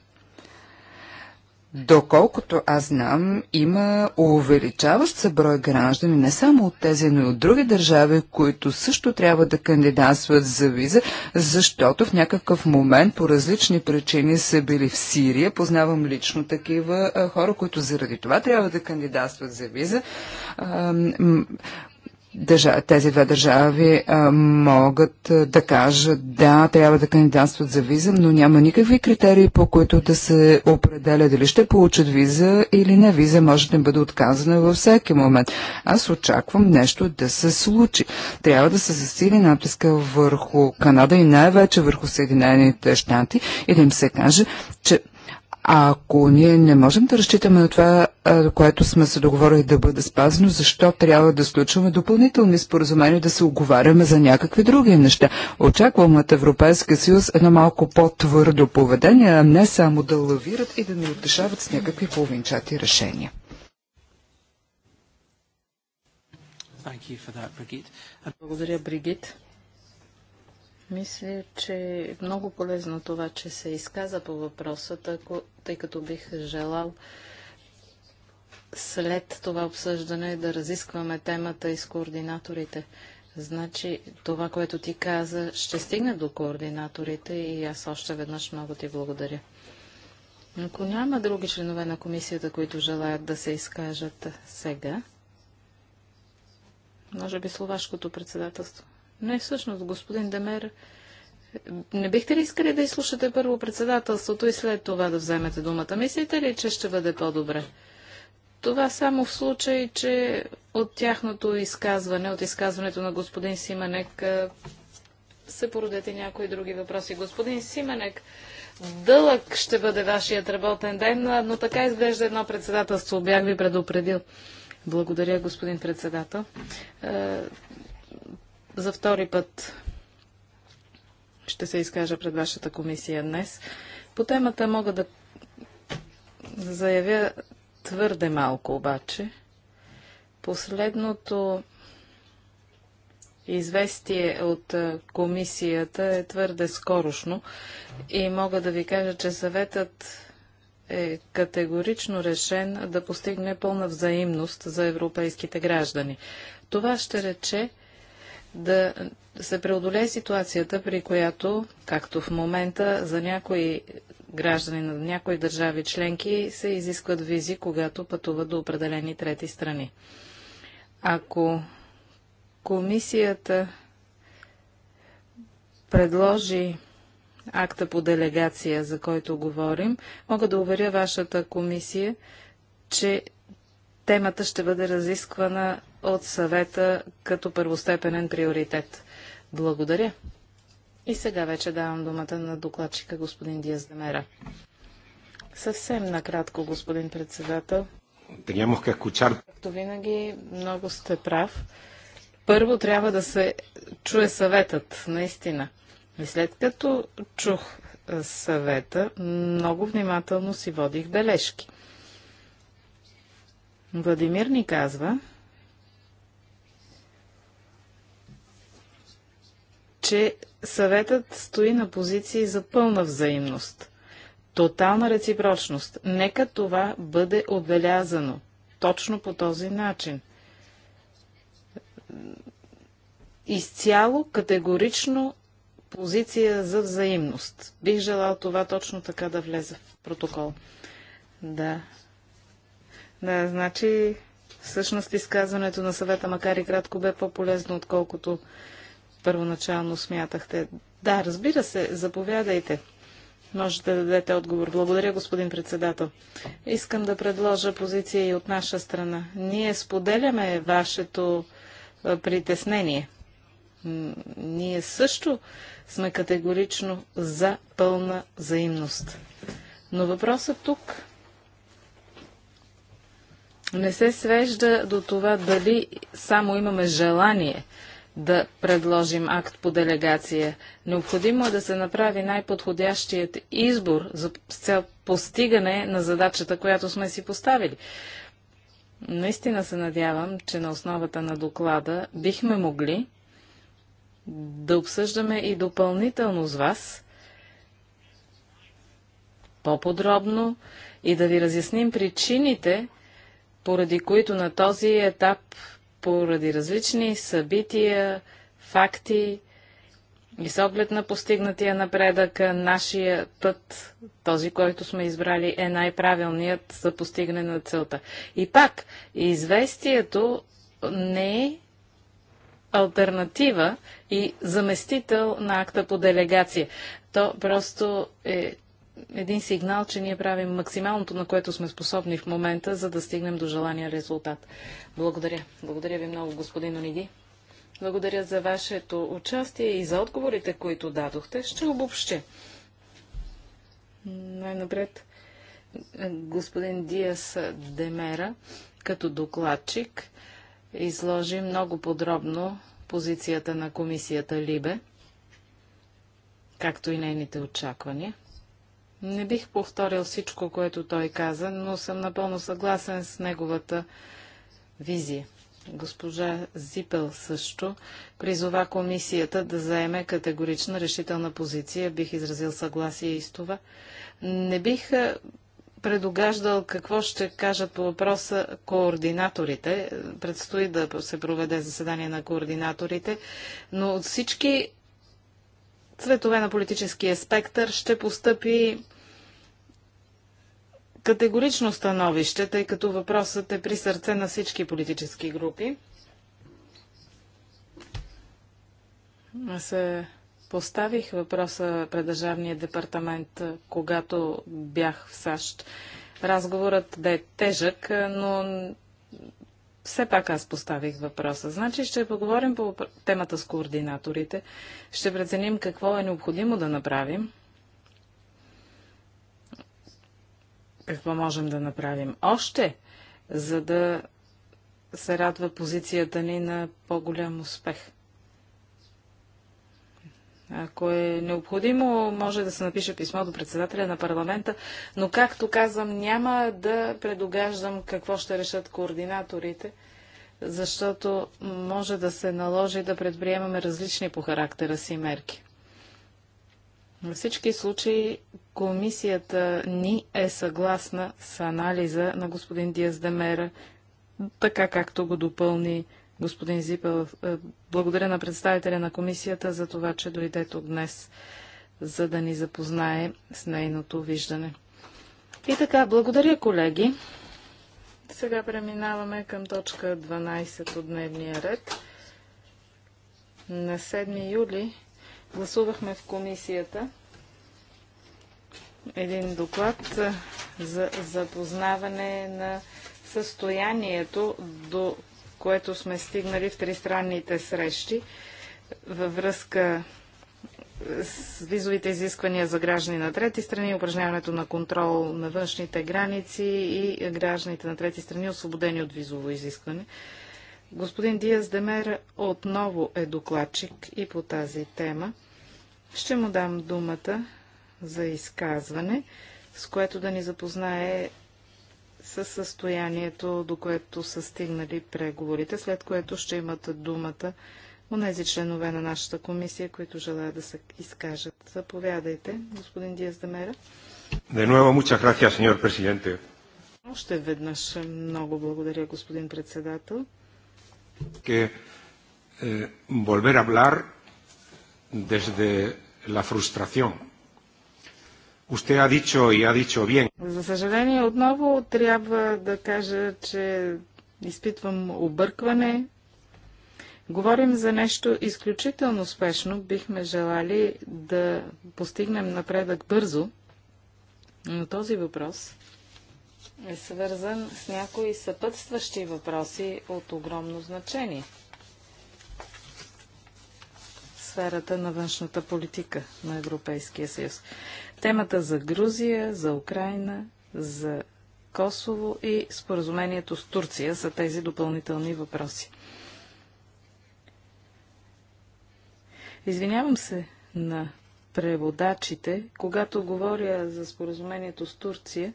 Доколкото аз знам, има увеличаващ се брой граждани, не само от тези, но и от други държави, които също трябва да кандидатстват за виза, защото в някакъв момент по различни причини са били в Сирия. Познавам лично такива хора, които заради това трябва да кандидатстват за виза тези две държави а, могат а, да кажат да, трябва да кандидатстват за виза, но няма никакви критерии, по които да се определя дали ще получат виза или не. Виза може да бъде отказана във всеки момент. Аз очаквам нещо да се случи. Трябва да се засили натиска върху Канада и най-вече върху Съединените щати и да им се каже, че а ако ние не можем да разчитаме на това, което сме се договорили да бъде спазено, защо трябва да сключваме допълнителни споразумения, да се оговаряме за някакви други неща? Очаквам от Европейския съюз едно малко по-твърдо поведение, а не само да лавират и да ни утешават с някакви половинчати решения. Благодаря, Бригит. Мисля, че е много полезно това, че се изказа по въпроса, тъй като бих желал след това обсъждане да разискваме темата и с координаторите. Значи това, което ти каза, ще стигне до координаторите и аз още веднъж много ти благодаря. Ако няма други членове на комисията, които желаят да се изкажат сега, може би словашкото председателство. Не, всъщност, господин Демер, не бихте ли искали да изслушате първо председателството и след това да вземете думата? Мислите ли, че ще бъде по-добре? Това само в случай, че от тяхното изказване, от изказването на господин Симанек, се породете някои други въпроси. Господин Симанек, дълъг ще бъде вашият работен ден, но така изглежда едно председателство. Бях ви предупредил. Благодаря, господин председател за втори път ще се изкажа пред вашата комисия днес. По темата мога да заявя твърде малко обаче. Последното известие от комисията е твърде скорошно и мога да ви кажа, че съветът е категорично решен да постигне пълна взаимност за европейските граждани. Това ще рече да се преодолее ситуацията, при която, както в момента, за някои граждани на някои държави членки се изискват визи, когато пътуват до определени трети страни. Ако комисията предложи акта по делегация, за който говорим, мога да уверя вашата комисия, че темата ще бъде разисквана от съвета като първостепенен приоритет. Благодаря. И сега вече давам думата на докладчика господин Диас Демера. Съвсем накратко, господин председател. Както винаги, много сте прав. Първо трябва да се чуе съветът, наистина. И след като чух съвета, много внимателно си водих бележки. Владимир ни казва, че съветът стои на позиции за пълна взаимност, тотална реципрочност. Нека това бъде отбелязано точно по този начин. Изцяло, категорично позиция за взаимност. Бих желал това точно така да влезе в протокол. Да. Да, значи, всъщност изказването на съвета, макар и кратко, бе по-полезно, отколкото първоначално смятахте. Да, разбира се, заповядайте. Можете да дадете отговор. Благодаря, господин председател. Искам да предложа позиция и от наша страна. Ние споделяме вашето притеснение. Ние също сме категорично за пълна взаимност. Но въпросът тук не се свежда до това дали само имаме желание – да предложим акт по делегация. Необходимо е да се направи най-подходящият избор за, с цел постигане на задачата, която сме си поставили. Наистина се надявам, че на основата на доклада бихме могли да обсъждаме и допълнително с вас по-подробно и да ви разясним причините, поради които на този етап поради различни събития, факти и с оглед на постигнатия напредък, нашия път, този, който сме избрали, е най-правилният за постигане на целта. И пак, известието не е альтернатива и заместител на акта по делегация. То просто е един сигнал, че ние правим максималното, на което сме способни в момента, за да стигнем до желания резултат. Благодаря. Благодаря ви много, господин Ониди. Благодаря за вашето участие и за отговорите, които дадохте. Ще обобщя. Най-напред господин Диас Демера като докладчик изложи много подробно позицията на комисията Либе, както и нейните очаквания. Не бих повторил всичко, което той каза, но съм напълно съгласен с неговата визия. Госпожа Зипел също призова комисията да заеме категорична решителна позиция. Бих изразил съгласие и с това. Не бих предогаждал какво ще кажат по въпроса координаторите. Предстои да се проведе заседание на координаторите, но от всички цветове на политическия спектър ще постъпи категорично становище, тъй като въпросът е при сърце на всички политически групи. Аз поставих въпроса пред Държавния департамент, когато бях в САЩ. Разговорът да е тежък, но все пак аз поставих въпроса. Значи ще поговорим по темата с координаторите. Ще преценим какво е необходимо да направим. Какво можем да направим още, за да се радва позицията ни на по-голям успех. Ако е необходимо, може да се напише писмо до председателя на парламента, но както казвам, няма да предугаждам какво ще решат координаторите, защото може да се наложи да предприемаме различни по характера си мерки. Във всички случаи комисията ни е съгласна с анализа на господин Диаз Демера, така както го допълни господин Зипел. Е, благодаря на представителя на комисията за това, че дойде тук днес, за да ни запознае с нейното виждане. И така, благодаря, колеги. Сега преминаваме към точка 12 от дневния ред. На 7 юли гласувахме в комисията един доклад за запознаване на състоянието, до което сме стигнали в тристранните срещи във връзка с визовите изисквания за граждани на трети страни, упражняването на контрол на външните граници и гражданите на трети страни, освободени от визово изискване. Господин Диас Демер отново е докладчик и по тази тема. Ще му дам думата за изказване, с което да ни запознае с състоянието, до което са стигнали преговорите, след което ще имат думата у нези членове на нашата комисия, които желаят да се изкажат. Заповядайте, господин Диас Демера. De nuevo, muchas gracias, señor presidente. Още веднъж много благодаря, господин председател. Que eh, volver a hablar desde la frustración за съжаление, отново трябва да кажа, че изпитвам объркване. Говорим за нещо изключително спешно. Бихме желали да постигнем напредък бързо, но този въпрос е свързан с някои съпътстващи въпроси от огромно значение. Сферата на външната политика на Европейския съюз темата за Грузия, за Украина, за Косово и споразумението с Турция са тези допълнителни въпроси. Извинявам се на преводачите, когато говоря за споразумението с Турция,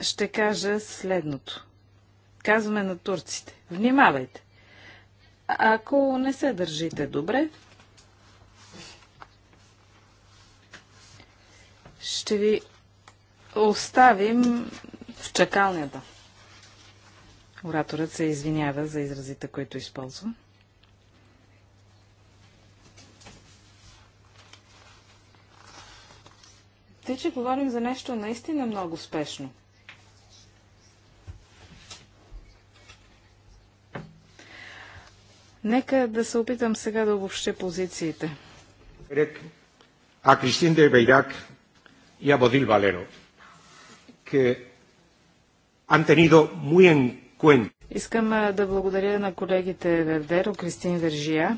ще кажа следното. Казваме на турците, внимавайте. Ако не се държите добре, ще ви оставим в чакалнята. Ораторът се извинява за изразите, които използва. Те, че говорим за нещо наистина много спешно. Нека да се опитам сега да обобща позициите. А Кристин Дебейдак, y a Bodil Valero, que han tenido muy en cuenta. Искам да благодаря на колегите Вердеро, Кристин Вержия,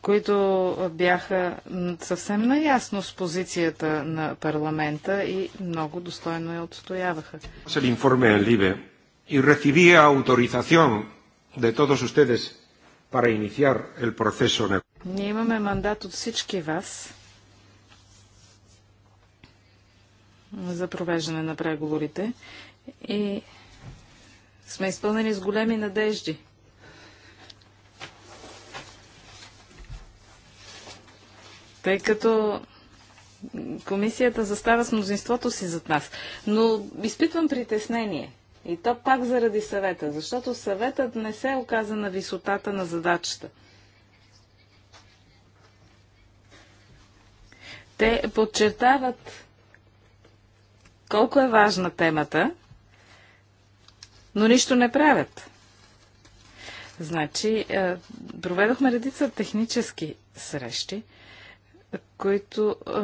които бяха съвсем наясно с позицията на парламента и много достойно я отстояваха. El informe en Libe y recibía autorización de todos ustedes para iniciar el proceso ние имаме мандат от всички вас за провеждане на преговорите и сме изпълнени с големи надежди. Тъй като комисията застава с мнозинството си зад нас. Но изпитвам притеснение. И то пак заради съвета, защото съветът не се оказа на висотата на задачата – Те подчертават колко е важна темата, но нищо не правят. Значи, е, проведохме редица технически срещи, които е,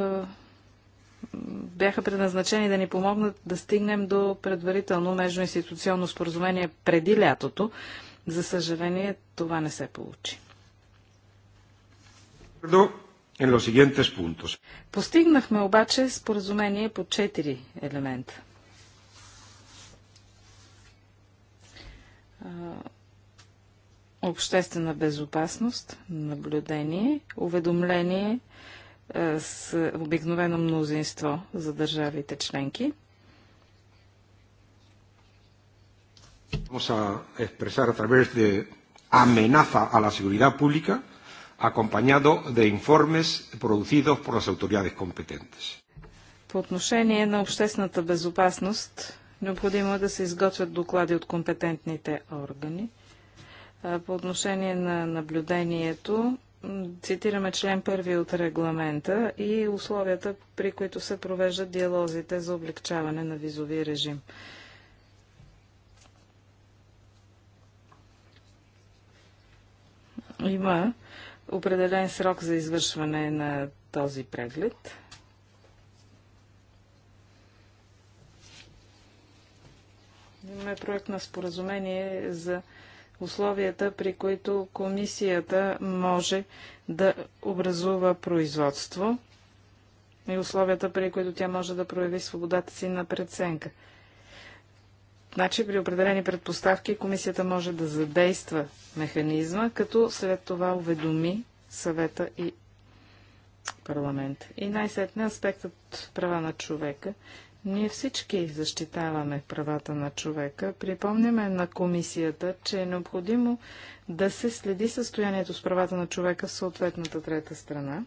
бяха предназначени да ни помогнат да стигнем до предварително междуинституционно споразумение преди лятото. За съжаление, това не се получи. Постигнахме обаче споразумение по четири елемента. Обществена безопасност, наблюдение, уведомление с обикновено мнозинство за държавите членки. Vamos a expresar a través de amenaza a la seguridad pública acompañado de informes producidos por las autoridades competentes. По отношение на обществената безопасност, необходимо е да се изготвят доклади от компетентните органи. По отношение на наблюдението, цитираме член първи от регламента и условията, при които се провеждат диалозите за облегчаване на визови режим. Има определен срок за извършване на този преглед. Имаме проект на споразумение за условията, при които комисията може да образува производство и условията, при които тя може да прояви свободата си на преценка. Значи при определени предпоставки комисията може да задейства механизма, като след това уведоми съвета и парламент. И най-сетне аспектът права на човека. Ние всички защитаваме правата на човека. Припомняме на комисията, че е необходимо да се следи състоянието с правата на човека в съответната трета страна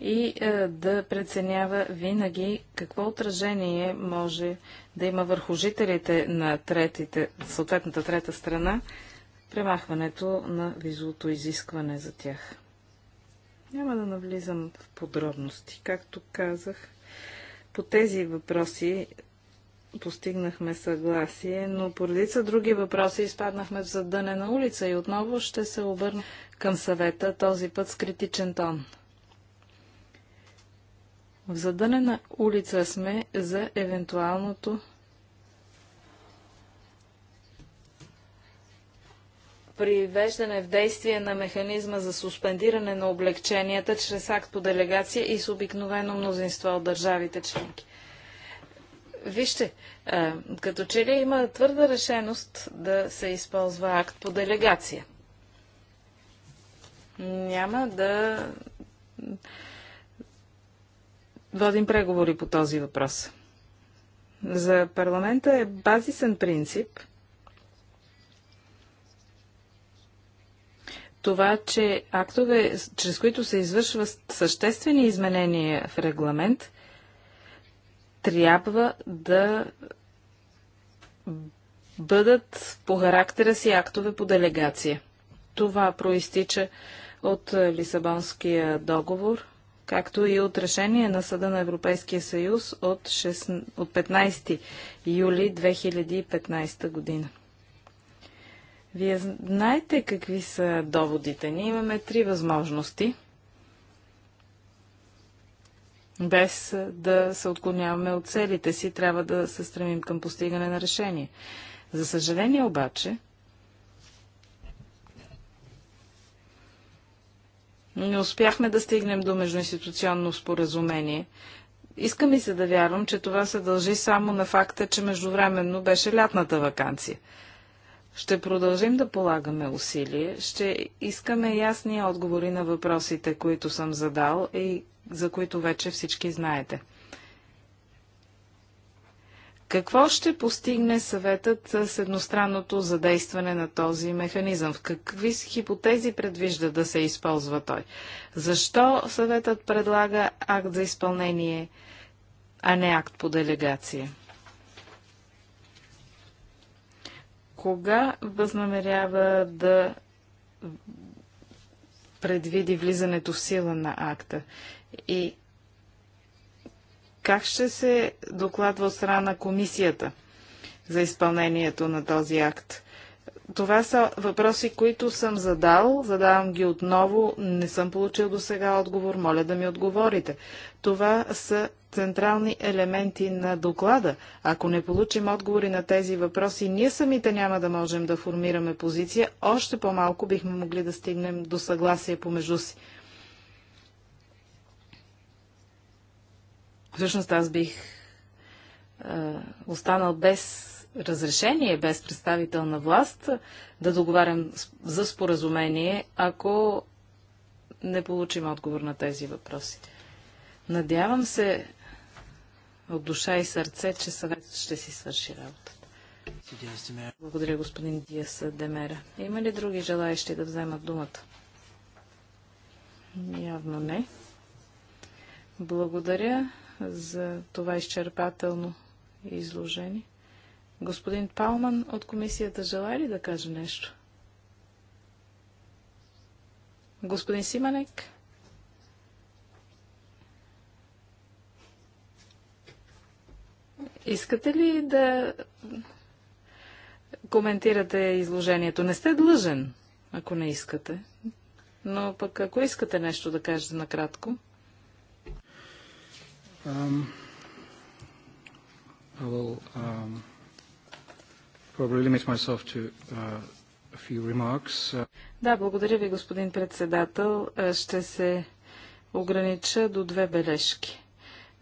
и е, да преценява винаги какво отражение може да има върху жителите на третите, съответната трета страна премахването на визовото изискване за тях. Няма да навлизам в подробности. Както казах, по тези въпроси постигнахме съгласие, но по редица други въпроси изпаднахме в задънена улица и отново ще се обърна към съвета, този път с критичен тон. В задънена улица сме за евентуалното привеждане в действие на механизма за суспендиране на облегченията чрез акт по делегация и с обикновено мнозинство от държавите членки. Вижте, като че ли има твърда решеност да се използва акт по делегация. Няма да водим преговори по този въпрос. За парламента е базисен принцип това, че актове, чрез които се извършва съществени изменения в регламент, трябва да бъдат по характера си актове по делегация. Това проистича от Лисабонския договор – както и от решение на Съда на Европейския съюз от, 15 юли 2015 година. Вие знаете какви са доводите. Ние имаме три възможности, без да се отклоняваме от целите си, трябва да се стремим към постигане на решение. За съжаление обаче, Не успяхме да стигнем до междуинституционно споразумение. Искам и се да вярвам, че това се дължи само на факта, че междувременно беше лятната вакансия. Ще продължим да полагаме усилие, ще искаме ясни отговори на въпросите, които съм задал и за които вече всички знаете. Какво ще постигне съветът с едностранното задействане на този механизъм? В какви хипотези предвижда да се използва той? Защо съветът предлага акт за изпълнение, а не акт по делегация? Кога възнамерява да предвиди влизането в сила на акта? И как ще се докладва от страна на комисията за изпълнението на този акт? Това са въпроси, които съм задал. Задавам ги отново. Не съм получил до сега отговор. Моля да ми отговорите. Това са централни елементи на доклада. Ако не получим отговори на тези въпроси, ние самите няма да можем да формираме позиция. Още по-малко бихме могли да стигнем до съгласие помежду си. Всъщност аз бих е, останал без разрешение, без представител на власт да договарям за споразумение, ако не получим отговор на тези въпроси. Надявам се от душа и сърце, че съветът ще си свърши работата. Благодаря, господин Диас Демера. Има ли други желаящи да вземат думата? Явно не. Благодаря за това изчерпателно изложение. Господин Палман от комисията желая ли да каже нещо? Господин Симанек? Искате ли да коментирате изложението? Не сте длъжен, ако не искате. Но пък ако искате нещо да кажете накратко. Um, I will um, probably limit myself to uh, a few remarks. Uh, да, благодаря ви, господин председател. Е, ще се огранича до две бележки.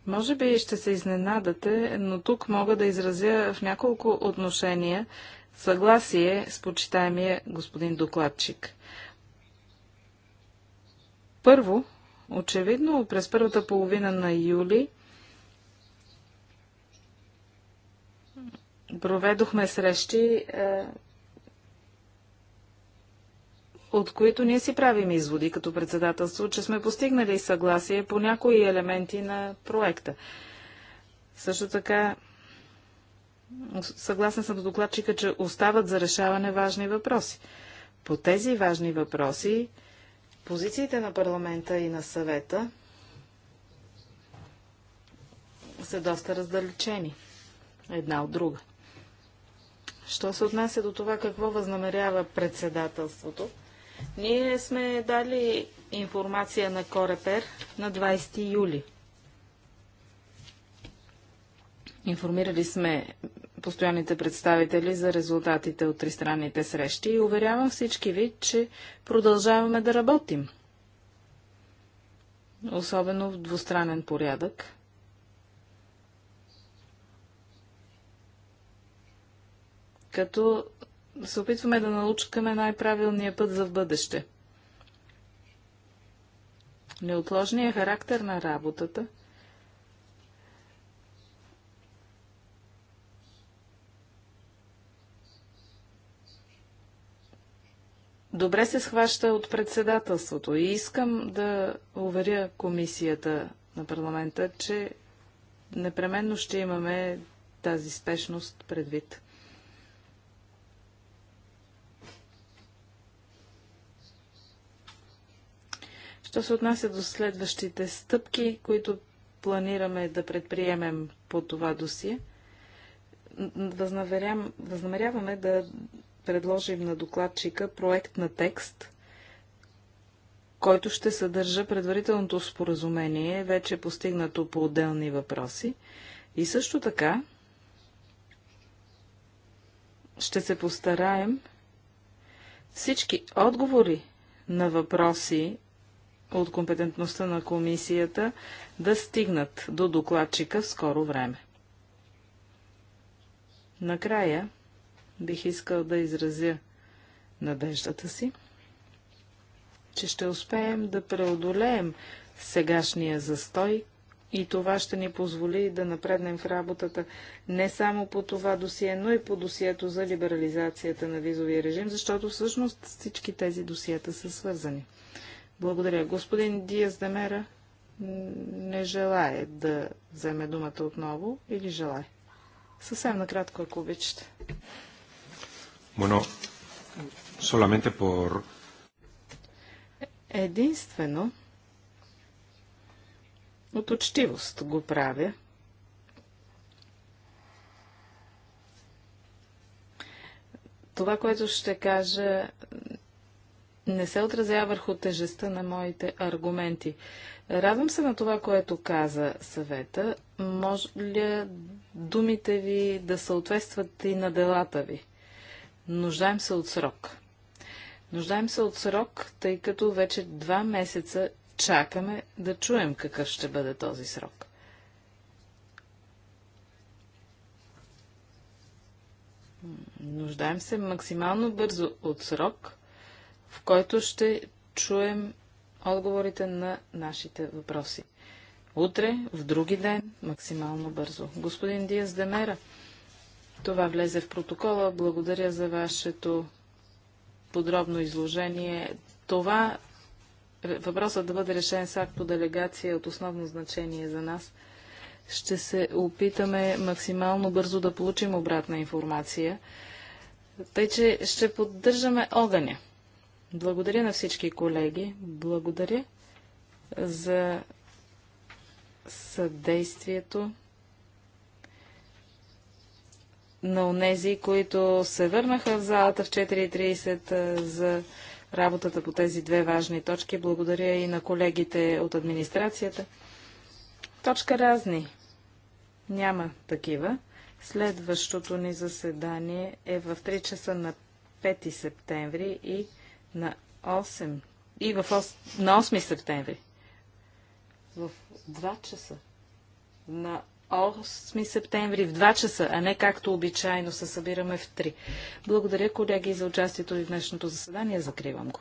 Може би ще се изненадате, но тук мога да изразя в няколко отношения съгласие с почитаемия господин докладчик. Първо, Очевидно, през първата половина на юли проведохме срещи, е, от които ние си правим изводи като председателство, че сме постигнали съгласие по някои елементи на проекта. Също така, съгласен съм с докладчика, че остават за решаване важни въпроси. По тези важни въпроси Позициите на парламента и на съвета са доста раздалечени една от друга. Що се отнася до това какво възнамерява председателството, ние сме дали информация на Корепер на 20 юли. Информирали сме постоянните представители за резултатите от тристранните срещи и уверявам всички ви, че продължаваме да работим. Особено в двустранен порядък. Като се опитваме да научкаме най-правилния път за в бъдеще. Неотложният характер на работата – добре се схваща от председателството и искам да уверя комисията на парламента, че непременно ще имаме тази спешност предвид. Що се отнася до следващите стъпки, които планираме да предприемем по това досие, възнамеряваме да предложим на докладчика проект на текст, който ще съдържа предварителното споразумение, вече постигнато по отделни въпроси. И също така ще се постараем всички отговори на въпроси от компетентността на комисията да стигнат до докладчика в скоро време. Накрая бих искал да изразя надеждата си, че ще успеем да преодолеем сегашния застой и това ще ни позволи да напреднем в работата не само по това досие, но и по досието за либерализацията на визовия режим, защото всъщност всички тези досиета са свързани. Благодаря. Господин Диас Демера не желае да вземе думата отново или желае? Съвсем накратко, ако обичате. Bueno, solamente por... Единствено от учтивост го правя. Това, което ще кажа, не се отразява върху тежестта на моите аргументи. Радвам се на това, което каза съвета. Може ли думите ви да съответстват и на делата ви? Нуждаем се от срок. Нуждаем се от срок, тъй като вече два месеца чакаме да чуем какъв ще бъде този срок. Нуждаем се максимално бързо от срок, в който ще чуем отговорите на нашите въпроси. Утре, в други ден, максимално бързо. Господин Диас Демера, това влезе в протокола. Благодаря за вашето подробно изложение. Това въпросът да бъде решен с акт по делегация е от основно значение за нас. Ще се опитаме максимално бързо да получим обратна информация. Тъй, че ще поддържаме огъня. Благодаря на всички колеги. Благодаря за съдействието на онези, които се върнаха в залата в 4.30 за работата по тези две важни точки. Благодаря и на колегите от администрацията. Точка разни. Няма такива. Следващото ни заседание е в 3 часа на 5 септември и на 8 и в 8, на 8 септември. В 2 часа на 8 септември в 2 часа, а не както обичайно се събираме в 3. Благодаря, колеги, за участието ви в днешното заседание. Закривам го.